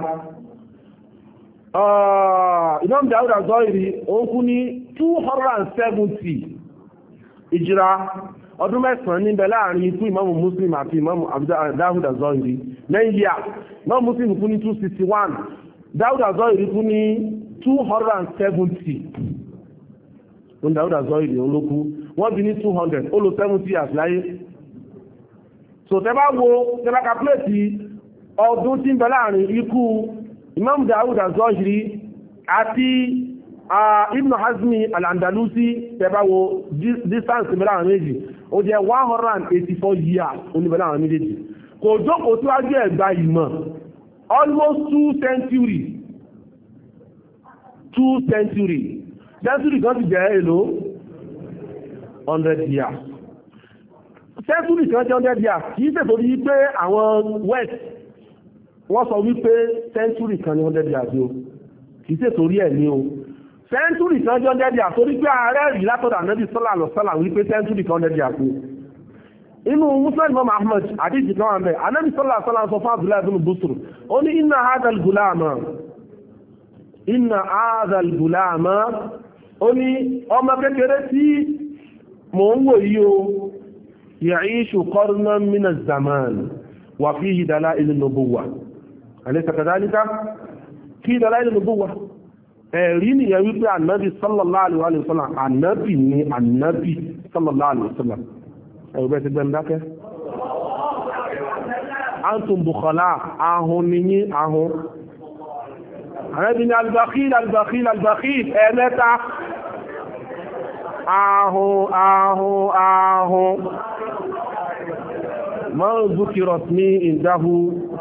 ìmáàmù Dawud azọ́ì òun kún ní 270 ìjìrá ọdún mẹ́sàn-án níbẹ̀ láàrin ikú ìmáàmù Muslim àti ìmáàmù Dawud azọ́ì lẹ́yìn yà náà Muslim kún ní 261 Dawud azọ́ì kún ní two hundred and seventy ní dàúdà zọ ìlú olókú wọ́n bí ní two hundred ó seventy years láyé so tẹ́ wo tẹ́ bá kàpúlẹ̀tì ọdún tí ń bẹ láàrin ikú imam dàúdà zọ ìlú àti ibn hazmi al-andalusi tẹ́ wo distance bẹ láàrin méjì ó jẹ́ one hundred and eighty four years ó ní bẹ láàrin méjèèjì kò jókòó síwájú ẹ̀gbà ìmọ̀ almost two centuries two century century kan ti jẹ́ èlò hundred years century kan jẹ́ hundred years kì í ṣètò rí pé àwọn west wọ́n sọ wípé century kan ní hundred years o kì í ṣètò rí ẹ̀ ní o sẹ́ńtúrì kan jọ dẹ́dẹ́ àtórí pé ààrẹ rí látọ̀dà nẹ́bí sọ́là lọ́sọ́là wípé sẹ́ńtúrì kan dẹ́dẹ́ àpò inú muslim imam ahmed àdíjì kan wà mẹ́ anẹ́bí sọ́là sọ́là sọ fún abdullahi bin busr ó ní inna hadal gulama inna azal gulama ó ní ọmọ kékeré tí mò ń wò yí o ya'ishu qarnan min az-zaman wa fihi dalail an-nubuwwa alaysa kadhalika kí dalail an-nubuwwa ẹ̀rí nìyẹn wípé ànábì sallallahu alaihi wasallam ànábì ni ànábì sallallahu alaihi wasallam ẹ̀rù bẹ́ẹ̀ ti gbẹ́m dákẹ́ antum bukhala ahun ni yín ahun àrẹ́bìnrin albakil albakil albakil ẹ̀ẹ́mẹ́ta ahun ahun ahun mọ́n zúkìrọ̀ ní ìdáhù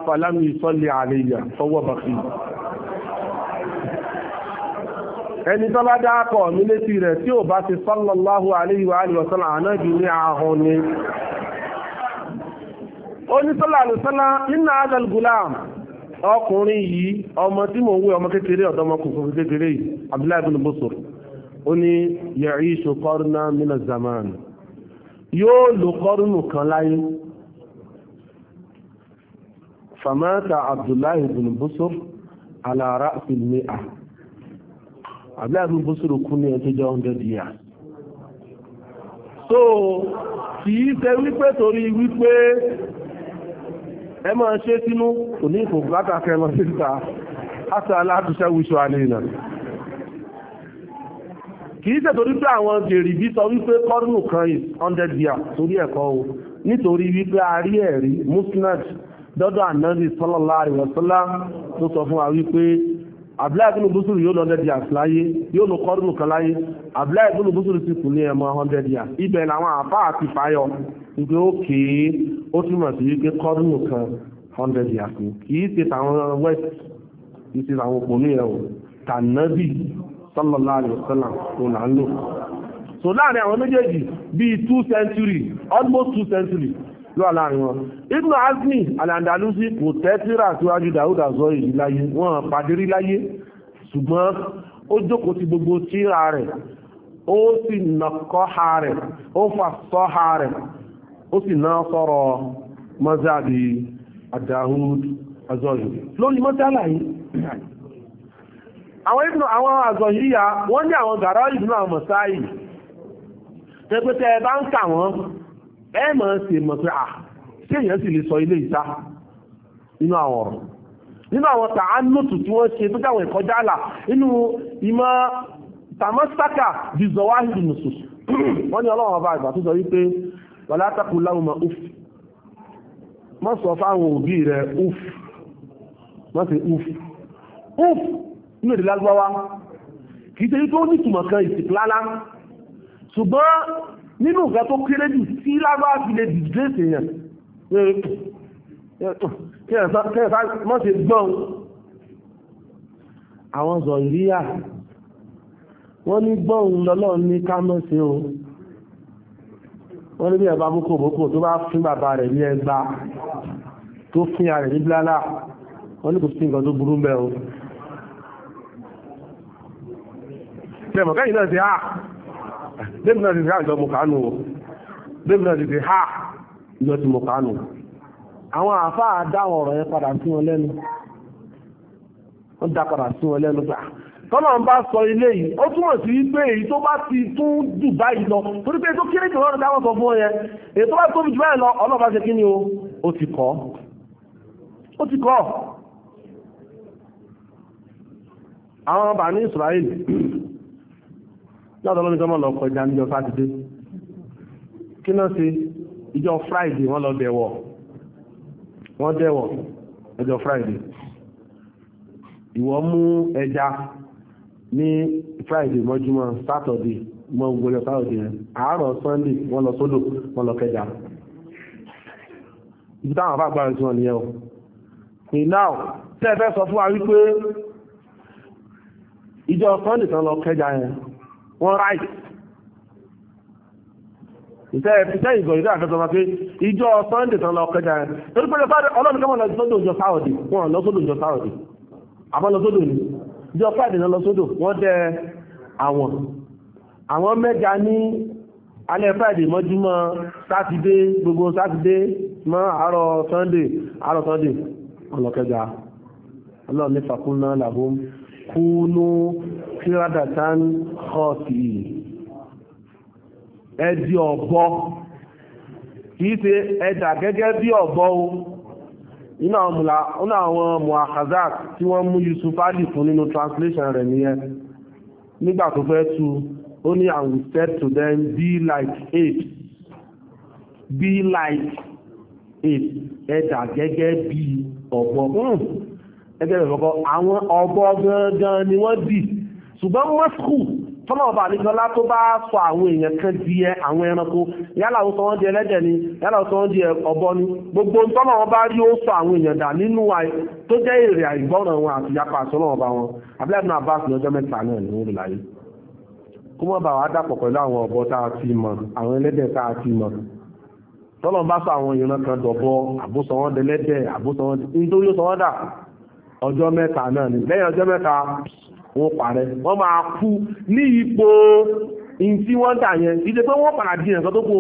falami sọ́lẹ̀ àlèyà fọwọ́ bakil ẹni tọ́lá dákọ̀ mi létí rẹ̀ tí ò bá ti sallallahu alayhi wa alihi wa sallam ànájú ní ahun ni gulam ọkùnrin yìí ọmọ tí mò ń wé ọmọ kékeré ọ̀dọ́mọkùnrin kékeré yìí Abdullahi bin Busr ó ní ya'ishu qarnan min az-zaman yóò lò kọ́rùnù kan láyé famata Abdullahi bin Busr ala ra'sil mi'ah Abdullahi bin Busr kú ní ẹjọ́ jẹ́ 100 years so kìí ṣe wípé torí wípé ẹ máa ṣe sínú kò ní ìfòkúlátà kẹrọ síta àti aláàtúnṣẹ́ wíṣọ àníyàn kìí ṣe torí pé àwọn jèrè bí sọ wípé kọ́rùnù kan is hundred years torí ẹ̀kọ́ o nítorí wípé a rí ẹ̀rí musnad dọ́dọ̀ ànábì sallallahu alaihi wasallam tó sọ fún wa wípé abdullahi ibn busur ìgbé òkè ó túmọ̀ sí wípé kọ́dúnù kan hundred years ni kìí ṣe tàwọn west kìí ṣe tàwọn òpónú yẹn o tànàbì sallallahu alaihi wasallam tó là ń lò so láàrin àwọn méjèèjì bíi two century almost two century ló wà láàrin wọn Ibn Azmi al-Andalusi kò tẹ́tíra síwájú Dawud az-Zuhri láyé wọn pàdérí láyé ṣùgbọ́n ó jókòó ti gbogbo tíra rẹ̀ ó sì nàkọ́ ha rẹ̀ ó fà sọ́ ha rẹ̀ ó sì ná sọ̀rọ̀ mọ́sáàbí àdáhùd azọ́yìí lórí mọ́sálà yìí àwọn ìbùnà àwọn azọ́yìí ya wọ́n ní àwọn gàrá ìbùnà àwọn tẹ́pẹ́tẹ́ bá ń kà wọ́n ẹ mọ̀ sí si sí èèyàn sì lè sọ ilé ìta nínú àwọn ọ̀rọ̀ nínú àwọn tàánùtù tí wọ́n ṣe tó jáwọn ìkọjá àlà nínú ìmọ̀ tàmọ́sákà wọ́n ní ọlọ́run ọba ìgbà tó sọ wípé wàlá taqul lahuma uff má sọ fáwọn òbí rẹ̀ uff má ṣe uff uff nínú èdè lágbáwá kì í ṣe tó ní ìtumọ̀ kan ìsìnklára ṣùgbọ́n nínú nǹkan tó kéré jù sí lágbáwá fi lè dìde èèyàn kẹ́ẹ̀sá mọ́ ṣe gbọ́n àwọn zọ̀ríyà wọ́n ní gbọ́n o wọ́n ní bí ẹ̀bá bókòbókò tó bá fún bàbá rẹ̀ ní ẹgbà tó fún ya rẹ̀ ní blálà wọ́n ní kò sí nǹkan tó burú mẹ́ o tẹ̀mọ̀ káyìn náà ti ha lẹ́mù náà ti ti ha ìjọ mọ̀ kánú o lẹ́mù náà ti ti ha ìjọ ti mọ̀ kánú àwọn àfáà dá ọ̀rọ̀ yẹn padà sí wọn lẹ́nu wọ́n dá padà sí wọn lẹ́nu gbà tọ́lọ́run bá sọ ilé yìí ó túmọ̀ sí wípé èyí tó bá ti tún jù báyìí lọ torí pé tó kéré jù lọ́rùn táwọn sọ fún yẹn èyí tó bá tóbi jù báyìí lọ ọlọ́ba ṣe kí ni o ó ti kọ́ ó ti kọ́ àwọn bà ní Israel lọ́dọ̀ lọ́dọ̀ mọ́ lọ kọjá níjọ sátidé kí náà ṣe ìjọ Friday wọ́n lọ dẹ̀wọ̀ wọ́n dẹ̀wọ̀ ọjọ́ Friday ìwọ mú ẹja ní friday mọ́júmọ́ saturday mọ́ saturday yẹn àárọ̀ sunday wọ́n lọ sódò wọ́n lọ kẹjà ibi táwọn àfà gbára tí wọ́n nìyẹn o pè náà tẹ́ fẹ́ sọ fún wa wípé ìjọ sunday tán lọ kẹjà yẹn wọ́n ráìtì ìtẹ́ ìgọ̀ ìdá àfẹ́sọ́mà pé ìjọ sunday tán lọ kẹjà ẹ̀ torí pé ọlọ́run kẹ́mọ̀ lọ sódò ìjọ sáwọ̀dì wọn lọ sódò ìjọ Saturday. àbá lọ sódò ní jọ friday náà lọ sódò wọ́n dẹ àwọn àwọn mẹ́ja ní alẹ́ friday mọ́júmọ́ sátidé gbogbo sátidé mọ́ àárọ̀ sunday àárọ̀ sunday ọlọ́kẹjà ọlọ́run ní fàkúnná làbún kúnú kíradàtán họ́ọ̀tì ẹ̀dì ọ̀bọ kìí ṣe ẹ̀dà gẹ́gẹ́ bí ọ̀bọ nínú àwọn muhazak tí wọ́n mú Yusuf Ali fún nínú translation rẹ̀ nìyẹn nígbà tó fẹ́ tu ó ní and we to them be like it. be like apes ẹ̀dà gẹ́gẹ́ bí ọ̀bọ hmm. ẹgbẹ́ ìfọ̀kọ́ àwọn ọ̀bọ gangan ni wọ́n dì ṣùgbọ́n mọ́sùkù tọ́lá ọba àlejòlá tó bá sọ àwọn èèyàn kan di ẹ àwọn ẹranko yálà ó sọ wọ́n di ẹlẹ́dẹ̀ ni yálà ó sọ wọ́n di ọ̀bọ ni gbogbo tọ́lá ọba rí ó sọ àwọn èèyàn dà nínú tó jẹ́ èrè àìgbọ́ràn wọn àti yapa àsọ́nà ọba wọn abúlé àbúrò abá sí ọjọ́ mẹ́ta náà ní orí láyé kó mọ́ bá wàá dàpọ̀ pẹ̀lú àwọn ọ̀bọ tá a ti mọ̀ àwọn ẹlẹ́dẹ̀ tá a ti mọ̀ tọ́lọ̀ bá sọ àwọn ìran kan dọ̀bọ àbúsọ̀wọ́n dẹlẹ́dẹ̀ àbúsọ̀wọ́n nítorí ó sọ wọ́n dà ọjọ́ mẹ́ta náà ní lẹ́yìn ọjọ́ mẹ́ta wọ́n parẹ́ wọ́n máa kú ní ipò in tí wọ́n dà yẹn ìdí pé wọ́n padà di ẹ̀sán tó kó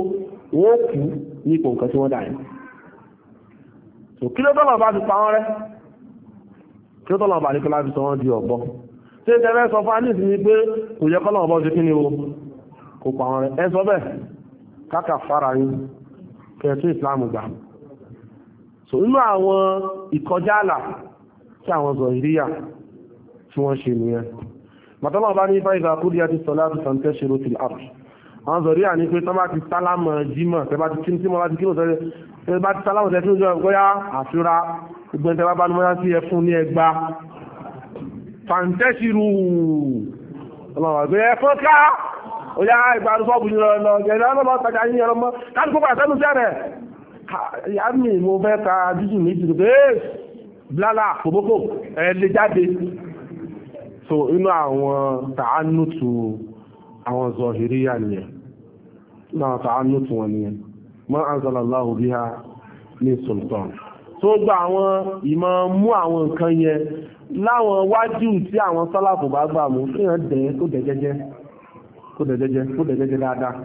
wọ́n kú ní ipò nǹkan tí wọ́n dà yẹn so kí ló tọ́lọ̀ bá ti pa wọ́n rẹ́ kí ló tọ́lọ̀ bá ní kọ́lá fi sọ wọ́n di ọ̀bọ ṣé ẹ tẹ́lẹ̀ sọ fún ní pé kò yẹ kọ́lọ̀ ọ̀bọ ṣe kí ni o kò pa wọ́n ẹ sọ bẹ́ẹ̀ káka fara yín kẹtù ìsìlámù gbà so inú àwọn ìkọjá àlà tí àwọn zọ ìríyà tí wọ́n ṣe nìyẹn bàtọ́lọ́ bá ní fáìzà kúrìyà ti sọ láti sàǹtẹ́ ṣe rotì àrùn àwọn sọ̀rí à ní pé tọ́ bá ti sálámọ̀ jímọ̀ tẹ́ bá ti kí tí mo bá ti kí mo sọ́rẹ́ tẹ́ bá ti sálámọ̀ tẹ́ tí mo jọ bóyá àfíra gbogbo ẹ̀tẹ́ bá bá ní mo sí ẹ fún ní ẹgbà fàǹtẹ́sìrù ọlọ́wọ́ ẹgbẹ́ ẹ fọ́n ká ó yá ìgbà àdúgbò ọ̀bùnú lọ blala kòbókò ẹ̀ so inú àwọn tàánùtù àwọn zọ̀hìríyà nìyẹn inú àwọn tàánùtù wọn nìyẹn ma anzalallahu biha ní sultan tó gba àwọn ìmọ̀ mú àwọn nǹkan yẹn láwọn wájú tí àwọn sálàfù bá gbà mú fíhàn dẹ̀ kó dẹ̀ jẹ́jẹ́ kó dẹ̀ jẹ́jẹ́ kó dẹ̀ jẹ́jẹ́ dáadáa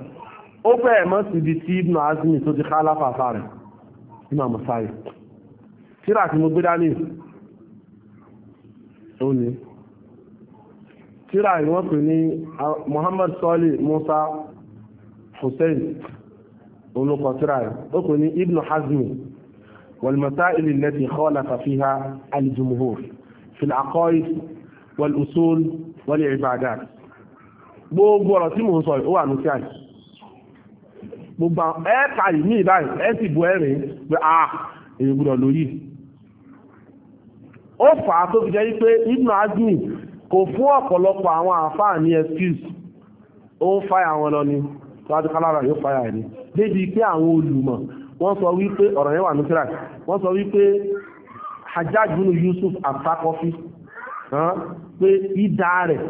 ó bẹ̀rẹ̀ mọ́ síbi tí ibn azmi tó ti kálá fàfà rẹ̀ nínú àmọ̀sáyì tíra tí mo gbé dání òun ni tíra ìwọ́n pè ní Muhammad Sọ́lì Musa Hussein olùkọ́ tíra ó pè ní Ibn Hazmi والمسائل التي خالف فيها الجمهور في العقائد والأصول والعبادات gbogbo ọ̀rọ̀ tí mo ń sọ ó wà ní sí àì gbogbo ẹ́ẹ̀kà yìí ní ìbáyìí ẹ́ẹ̀sì bú ẹ̀rìn pé à èyí gbọ́dọ̀ lórí ó fà á tó fi jẹ́ wípé ibnu azmi kò fún ọ̀pọ̀lọpọ̀ àwọn àfáà ní excuse o ń fáyà wọn lọ ni tọ́jú kálára yóò fáyà ẹ̀ ni débi pé àwọn olùmọ̀ wọ́n sọ wípé ọ̀rọ̀ yẹn wà ní tíra wọ́n sọ wípé Hajjaj Yusuf Al-Thaqafi pé ìdá rẹ̀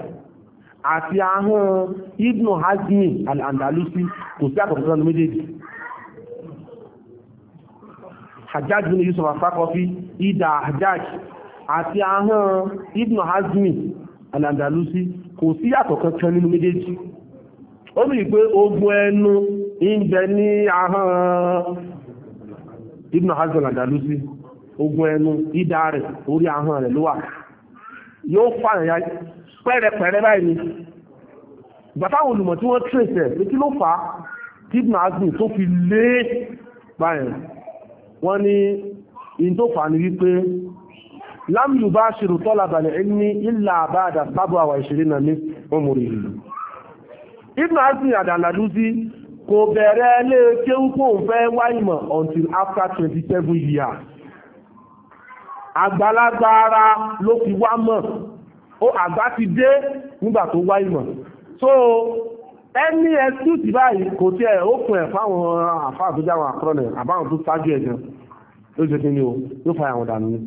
àti ahọ́n Ibn Hazmi Al-Andalusi kò sí àkọ́kọ́ sọ́nà méjèèjì Hajjaj Yusuf Al-Thaqafi ìdá Hajjaj àti ahọ́n Ibn Hazmi alandalusi kò sí yàtọ̀ kankan nínú méjèèjì ó bí pé ogun ẹnu ń bẹ ní ahọ́n Ibn Hazm alandalusi ogun ẹnu ìdá rẹ̀ orí ahọ́n rẹ̀ ló wà yóò fàyà pẹ́rẹpẹ̀rẹ báyìí ni gbàtàwọn olùmọ̀ tí wọ́n tírèsẹ̀ pé kí ló fà á tí Ibn Hazm tó fi lé báyìí wọ́n ní in tó fà á ní wípé lam yubashiru talaba al-ilmi illa ba'da sab'a wa ishirina min umrihi ibn azmi adalaluzi kò bẹ̀rẹ̀ ilé kéwú kó fẹ́ wá ìmọ̀ until after twenty seven years àgbàlagbà ara ló fi wá mọ̀ ó àgbà ti dé nígbà tó wá ìmọ̀ so ẹni excuse báyìí kò tí ẹ̀ ó fún ẹ̀ fáwọn àfáà tó jáwọn àkọọ́lẹ̀ àbáwọn tó ṣáájú ẹ̀ gan ló ṣe kí ni o yóò fa àwọn dànù ni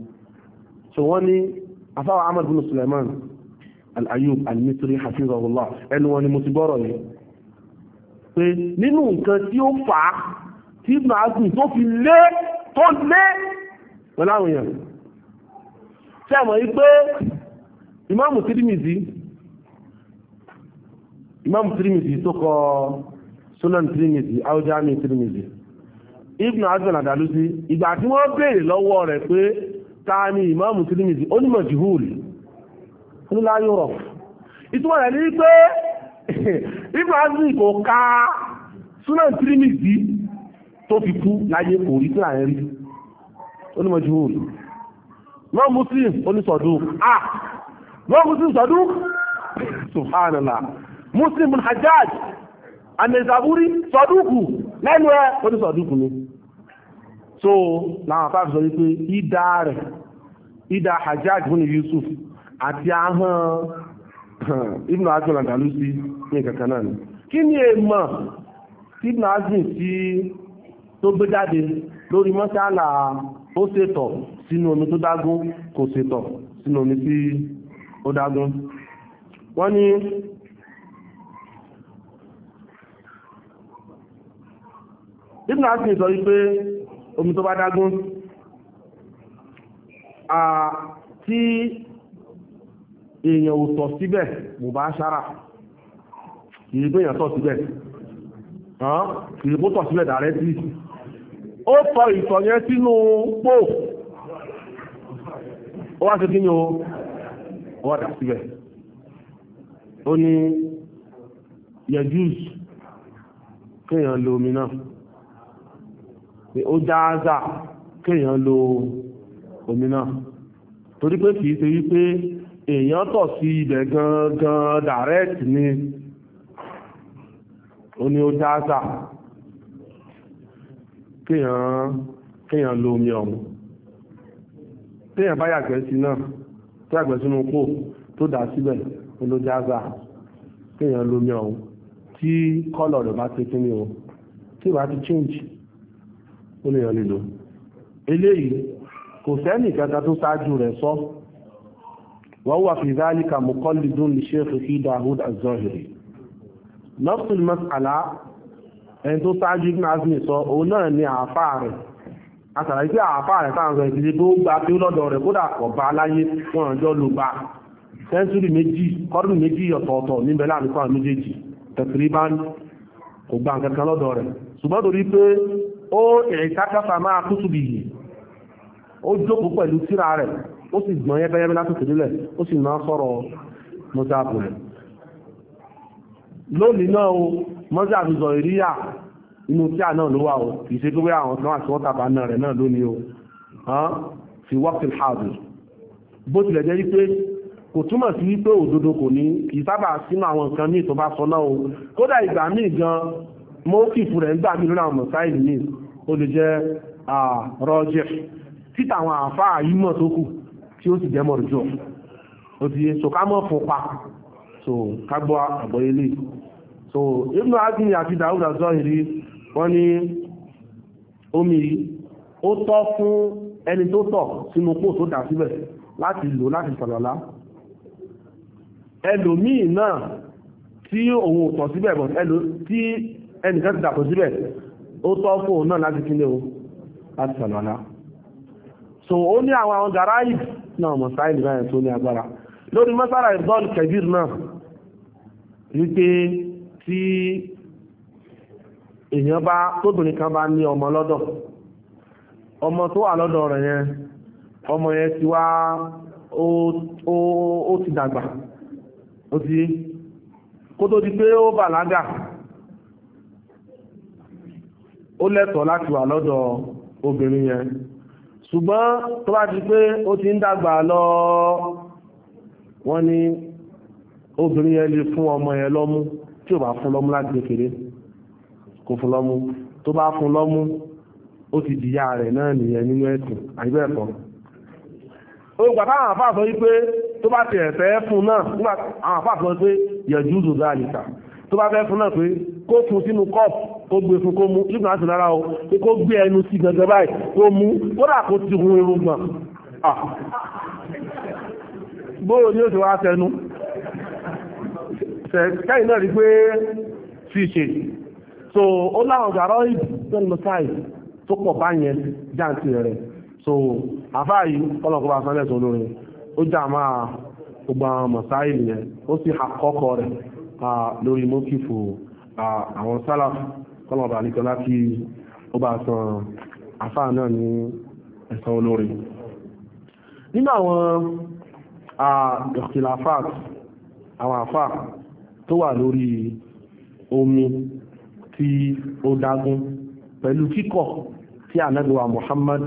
so wọ́n ní afáwà ahmad bin suleiman al-ayub al-misri hafizahullah ẹnu wọn ni mo ti gbọ́rọ̀ yẹn pé nínú nǹkan tí ó fà á tí màágùn tó fi lé tó lé pẹ̀lú àwọn èèyàn sẹ́mọ̀ yí pé ìmáàmù tìrìmìtì ìmáàmù tìrìmìtì tó kọ sunan tìrìmìtì aujami tìrìmìtì ibn azan adalusi ìgbà tí wọ́n béèrè lọ́wọ́ rẹ̀ pé ta ni ìmáàmù Tirmidhi onímọ̀ jùhúùlì nílá Europe ìtumọ̀ rẹ̀ ní pé ibrahim kò ka Sunan Tirmidhi tó fi kú láyé kò rí sílà rí onímọ̀ jùhúùlì mọ́ muslim onísọ̀dún ah mọ́ muslim sọ̀dún subhanallah muslim bin hajjaj anizaburi sọ̀dúnkù lẹ́nu ẹ̀ onísọ̀dúnkù ni so láwọn afáàfẹ́ sọ wípé ìdá rẹ̀ ìdá hajjaj fún yusuf àti ahọ́n ibn azim andalusi ní kankan náà ni kí ni èèmọ̀ tí ibn azim tí tó gbé jáde lórí mọ́sálà ó ṣètọ̀ sínú omi tó dágún kò ṣètọ̀ sínú omi tí ó dágún wọ́n ní ibn azim sọ wípé omi tó bá dágún tí èèyàn ò tọ̀ síbẹ̀ mò bá ṣára kìí pé èèyàn tọ̀ síbẹ̀ kìí kó tọ̀ síbẹ̀ dàrẹ́ sí ó tọ ìtọ̀ sínú pò ó wá sí kí ni o ó wá dà síbẹ̀ ó ní yẹjúùsì kéèyàn lo náà pé ó jáázà kéèyàn lo omi náà torí pé kìí ṣe wípé èèyàn tọ̀ sí ibẹ̀ gangan direct ni ó ní ó jáázà kéèyàn kéèyàn lo omi ọ̀hún téèyàn bá yàgbẹ́ sí náà tó yàgbẹ́ sínú pò tó dà síbẹ̀ ó ló jáázà kéèyàn lo omi ọ̀hún tí kọ́lọ̀ rẹ̀ bá ti kí ni o tí ìbá ti change ó lè yàn lílo eléyìí kò sẹ́nì kankan tó ṣáájú rẹ̀ sọ wọ́n wà fi dhalika muqallidun li Sheikh Dawood az-Zahiri nafsul mas'ala ẹni tó ṣáájú ibn Azmi sọ òun náà ni àáfàá rẹ̀ àtàlàyé pé àáfàá rẹ̀ táwọn ọ̀rẹ́ ìdílé tó gba pé lọ́dọ̀ rẹ̀ kódà kọ̀ bá láyé wọn àjọ ló gba sẹ́ńtúrì méjì kọ́dún méjì ọ̀tọ̀ọ̀tọ̀ níbẹ̀ láàrin fún àwọn méjèèjì tẹ̀sírí bá ń kò gba nǹkan kan lọ́dọ̀ rẹ̀ ṣùgbọ́n torí pé ó ìrìnsákàfà máa kú túbì yìí ó jókòó pẹ̀lú tírà rẹ̀ ó sì gbọ́n yẹ́bẹ́yẹ́bẹ́ látòkè nílẹ̀ ó sì máa sọ̀rọ̀ mọ́sáàbù rẹ̀ lónìí náà o mọ́sáàbù sọ ìríyà inú tíà náà ló wà o kì í ṣe pé àwọn kan àti wọ́n tàbá náà rẹ̀ náà lónìí o fi wọ́pìn hàbù bó tilẹ̀ jẹ́ wípé kò túmọ̀ sí wípé òdodo kò ní kì í sábà sínú àwọn nǹkan míì tó bá sọ náà o kódà ìgbà míì gan mọ́kìfù rẹ̀ nígbà mí lónà àwọn sáìlì ní ó lè jẹ́ rọ́jẹ̀ títà àwọn àfáà yìí mọ̀ tó kù tí ó sì jẹ́ mọ̀rùjọ́ ó ti yé so ká mọ̀ fún pa so ká gbọ́ àgbọ̀yé lè so Ibn Hazmi àti Dawud az-Zahiri wọ́n ní omi ó tọ́ fún ẹni tó tọ̀ sínú pò tó dà síbẹ̀ láti lò láti sàlọ́lá ẹlòmíì náà tí òun ò tọ̀ síbẹ̀ tí ẹnìkan ti dàpọ̀ síbẹ̀ ó tọ́ fóun náà láti kílé o láti sàlọ́lá so ó ní àwọn àwọn gàrá yìí náà mọ̀ sáìlì báyẹn tó ní agbára lórí mọ́sára ìbọ́ọ̀lù kẹbíìr náà wípé tí èèyàn bá tóbìnrin kan bá ní ọmọ lọ́dọ̀ ọmọ tó wà lọ́dọ̀ rẹ̀ yẹn ọmọ yẹn ti wá ó ti dàgbà ó ti kó tó di pé ó bàlágà ó lẹ́tọ̀ọ́ láti wà lọ́dọ̀ obìnrin yẹn ṣùgbọ́n tó bá ti pé ó ti ń dàgbà lọ wọ́n ní obìnrin yẹn lè fún ọmọ yẹn lọ́mú tí ò bá fún lọ́mú láti kékeré kò fún lọ́mú tó bá fún lọ́mú ó ti dìyà rẹ̀ náà nìyẹn nínú ẹ̀sìn àìbẹ́ẹ̀kọ́ ogun àtàwọn àfáà sọ wípé tó bá ti ẹ̀fẹ́ fún náà àwọn àfáà sọ wípé yẹ̀jú zòdá àlìkà tó bá fẹ́ fún náà pé kó fún sínú kọ́ọ̀pù kó gbé fún kó mú ibùdó láti lára o pé kó gbé ẹnu sí gangan báyìí kó mú kódà kó ti hun irun gbọ̀n bóò ni ó tẹnu kẹ́yìn náà rí pé fi so ó láwọn gbàrọ́ ìdíjọ́lọ́sáì tó pọ̀ bá yẹn jáǹtì rẹ̀ so àfáà yìí ọlọ́kọ̀ bá sánlẹ̀ tó lórí ó jà máa gbogbo àwọn mọ̀sáìlì yẹn ó sì àkọ́kọ́ rẹ̀ lórí mọ́kìfù àwọn sálà kọlọ̀bà nìkan láti ó bá san àfáà náà ní ẹ̀san olórin nínú àwọn ìkìlàfáà àwọn àfáà tó wà lórí omi tí ó dágún pẹ̀lú kíkọ̀ tí ànábì wa Muhammad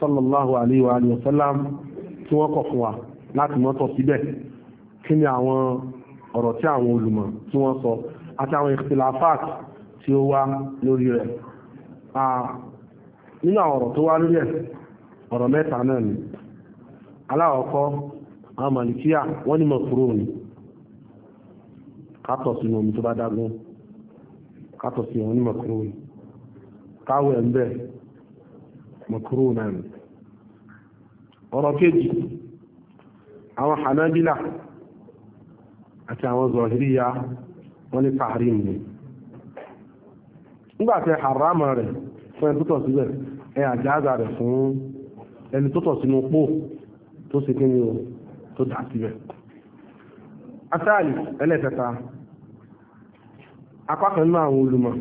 sallallahu alaihi wa alihi wasallam tí wọ́n kọ̀ fún wa láti mọ́tọ̀ síbẹ̀ kí ni àwọn ọ̀rọ̀ tí àwọn olùmọ̀ tí wọ́n sọ àtàwọn ìfìlàfàt tí ó wá lórí rẹ̀ nínú àwọn ọ̀rọ̀ tó wá lórí ẹ̀ ọ̀rọ̀ mẹ́ta náà ni aláwọ̀kọ́ àwọn màlìkíyà wọ́n ní mọ̀kúrò ní kátọ̀ sínú omi tó bá dágún kátọ̀ sí wọn ní mọ̀kúrò ní káwẹ̀ ń bẹ̀ mọ̀kúrò náà ni ọ̀rọ̀ kejì àwọn Hanabila àti àwọn zọ̀híríyà wọ́n ní tahrim ni nígbà tí harama rẹ̀ fún ẹni tó tọ̀ síbẹ̀ ẹ àjáàzà rẹ̀ fún ẹni tó tọ̀ sínú pò tó ṣe kí ni o tó dà síbẹ̀ asáàlì ẹlẹ́kẹta apá kan náà àwọn olùmọ̀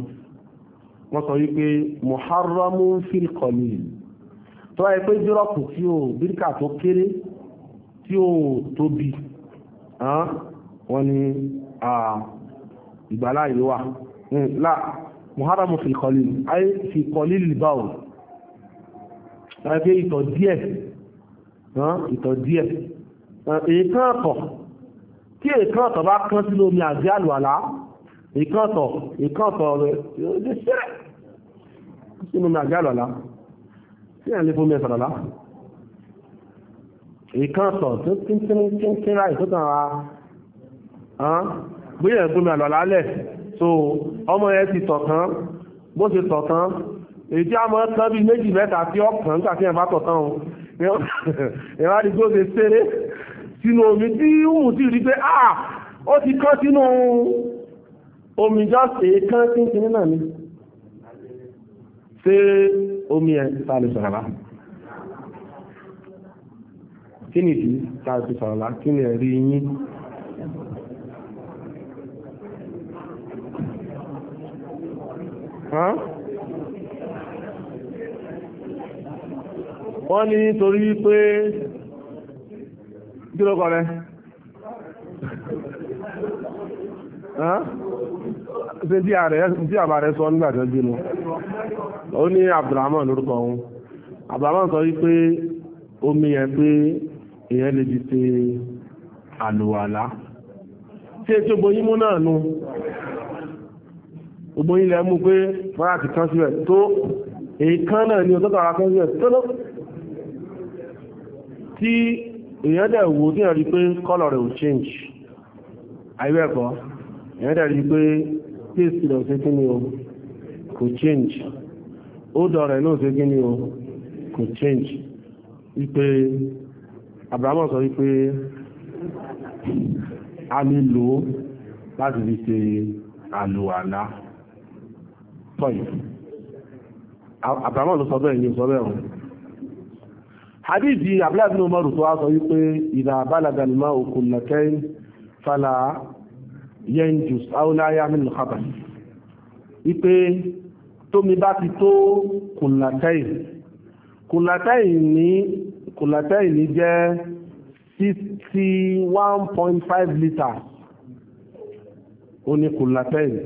wọ́n sọ wípé muharramu fil qalil tó ẹ pé dírọ́pù tí ó bíríkà tó kéré tí ó tóbi wọ́n ní ìgbàláyé wà la muharamu fi kọlil ayé fi kọlil báwò ẹgbẹ́ ìtọ̀ díẹ̀ ìtọ̀ díẹ̀ èèkàn ọ̀tọ̀ tí èèkàn ọ̀tọ̀ bá kán sínú omi àti àlùwàlá èèkàn ọ̀tọ̀ èèkàn ọ̀tọ̀ rẹ̀ yóò dé sẹ́rẹ̀ sínú omi àti àlùwàlá tí ẹ̀ lè fún mi ẹ̀sàlọ́lá èèkàn ọ̀tọ̀ tó tí ń tí ń tí ń tí ń ráì tó tàn án bóyá ẹ̀gbọ́n mi àlọ́ lálẹ̀ so ọmọ yẹn ti tọ̀tán bó ṣe tọ̀tán èyí tí a mọ̀ tán bíi méjì mẹ́ta tí ọ̀kan nígbà tí ẹ̀ bá tọ̀tán o ẹ̀rọ àdìgbò ṣe ṣeré sínú omi tí wùn ti rí pé ah ó ti kán sínú omi just èékán tí ń kinní náà ni ṣé omi ẹ̀ ta lè sọ̀rọ̀ bá kí nìdí ta lè sọ̀rọ̀ bá kí ni ẹ̀rí yín wọ́n ní torí pé kí ló kọ́ rẹ̀ ṣe tí ààrẹ tí àbá rẹ̀ sọ nígbà tó gbínú ó ní Abdulrahman lórúkọ òun Abdulrahman sọ wípé omi yẹn pé èyàn lè fi ṣe àlùwàlá tí ètò gboyímú náà nu gbogbo ilẹ̀ mú pé mara ti kan sílẹ̀ tó èèkan náà ni ọ̀tọ́tọ̀ ara kan sílẹ̀ tó lọ́ tí èèyàn wò tí èèyàn pé kọ́lọ̀ rẹ̀ ò change ayé ẹ̀kọ́ èèyàn dẹ̀ rí pé taste rẹ̀ ò ṣe ni o kò change odor rẹ̀ náà ṣe kí ni o kò change wípé Abrahamu sọ wípé a ní lò láti fi ṣe àlùwàlá tọ́yì àbúrámọ̀ ló sọ bẹ́ẹ̀ ni sọ bẹ́ẹ̀ wọn hadithi abúláàbí ní umaru tó wá sọ wípé ìdá abálagà ní máa òkun nàkẹ́ fàlà yẹn jù áúláyá nínú kábà wípé tómi bá ti tó kùnlàtẹ́yì kùnlàtẹ́yì ní kùnlàtẹ́yì ní jẹ́ sixty litres ó ní kùnlàtẹ́yì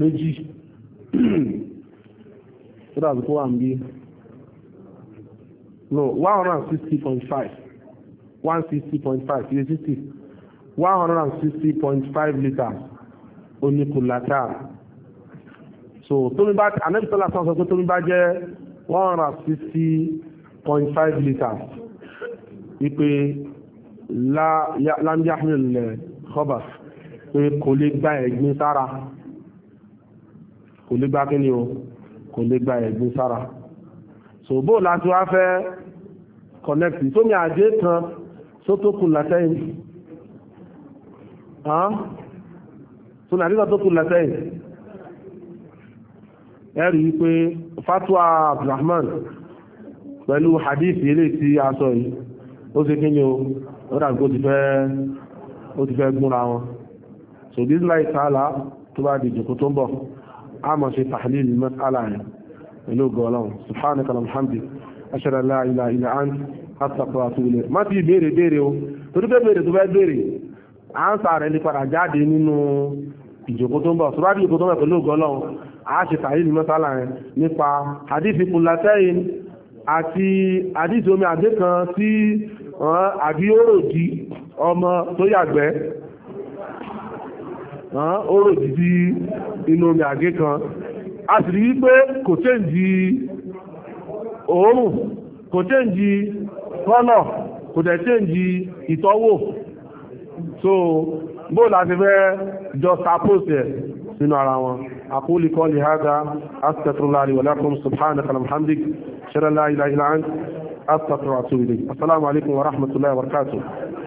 méjì so that's kó wà ń no one hundred and sixty point five one sixty point five kìí sixty one hundred and sixty point five litres oníkùlátà so tómi bá anẹ́bísọ́lá sọ pé tómi bá jẹ́ one hundred and sixty point five litres wípé láńdíàmìlẹ̀ kọ́bà pé kò lè gba ẹ̀gbin sara kò lè gba kí ni o kò lè gba ẹ̀gbin sára so bó láti wá fẹ́ connect sómi àdé kan sótókù látẹ́yìn tó nàdí náà tó kù lẹ́sẹ̀yìn ẹ̀rí wípé fatwa abdulrahman pẹ̀lú hadith ilé tí a sọ yìí ó sì kí ni o ó dàbí kó ti fẹ́ gúnra wọn so this life sàálà tó bá di ìjòkó tó ń bọ̀ àmọ̀ ṣe tahlil mas'ala yẹn pẹ̀lú ògùn ọlọ́run subhanaka alhamdi ashara la ilaha illa ant astaghfiruka wa atubu ilayk má ti béèrè béèrè o torí pé béèrè tó fẹ́ béèrè à ń sàrẹ̀ ní padà jáde nínú ìjòkó tó ń bọ̀ sọ́bàbí ìjòkó tó ń bọ̀ pẹ̀lú ògùn ọlọ́run a ṣe tahlil mas'ala yẹn nípa hadith kùlátẹ́yìn àti hadith omi àdé kan sí àbí ó rò di ọmọ tó yàgbẹ́ ó rò dídí inú omi àgé kan a sì rí pé kò tẹ́ǹdì òórùn kò tẹ́ǹdì kọ́nà kò tẹ́ tẹ́ǹdì ìtọ́wò so bó láti fẹ́ jọ sapos ẹ̀ sínú ara wọn أقول قولي هذا أستغفر الله لي ولكم سبحانك اللهم وبحمدك أشهد أن لا إله إلا أنت أستغفر وأتوب إليك السلام عليكم ورحمة الله وبركاته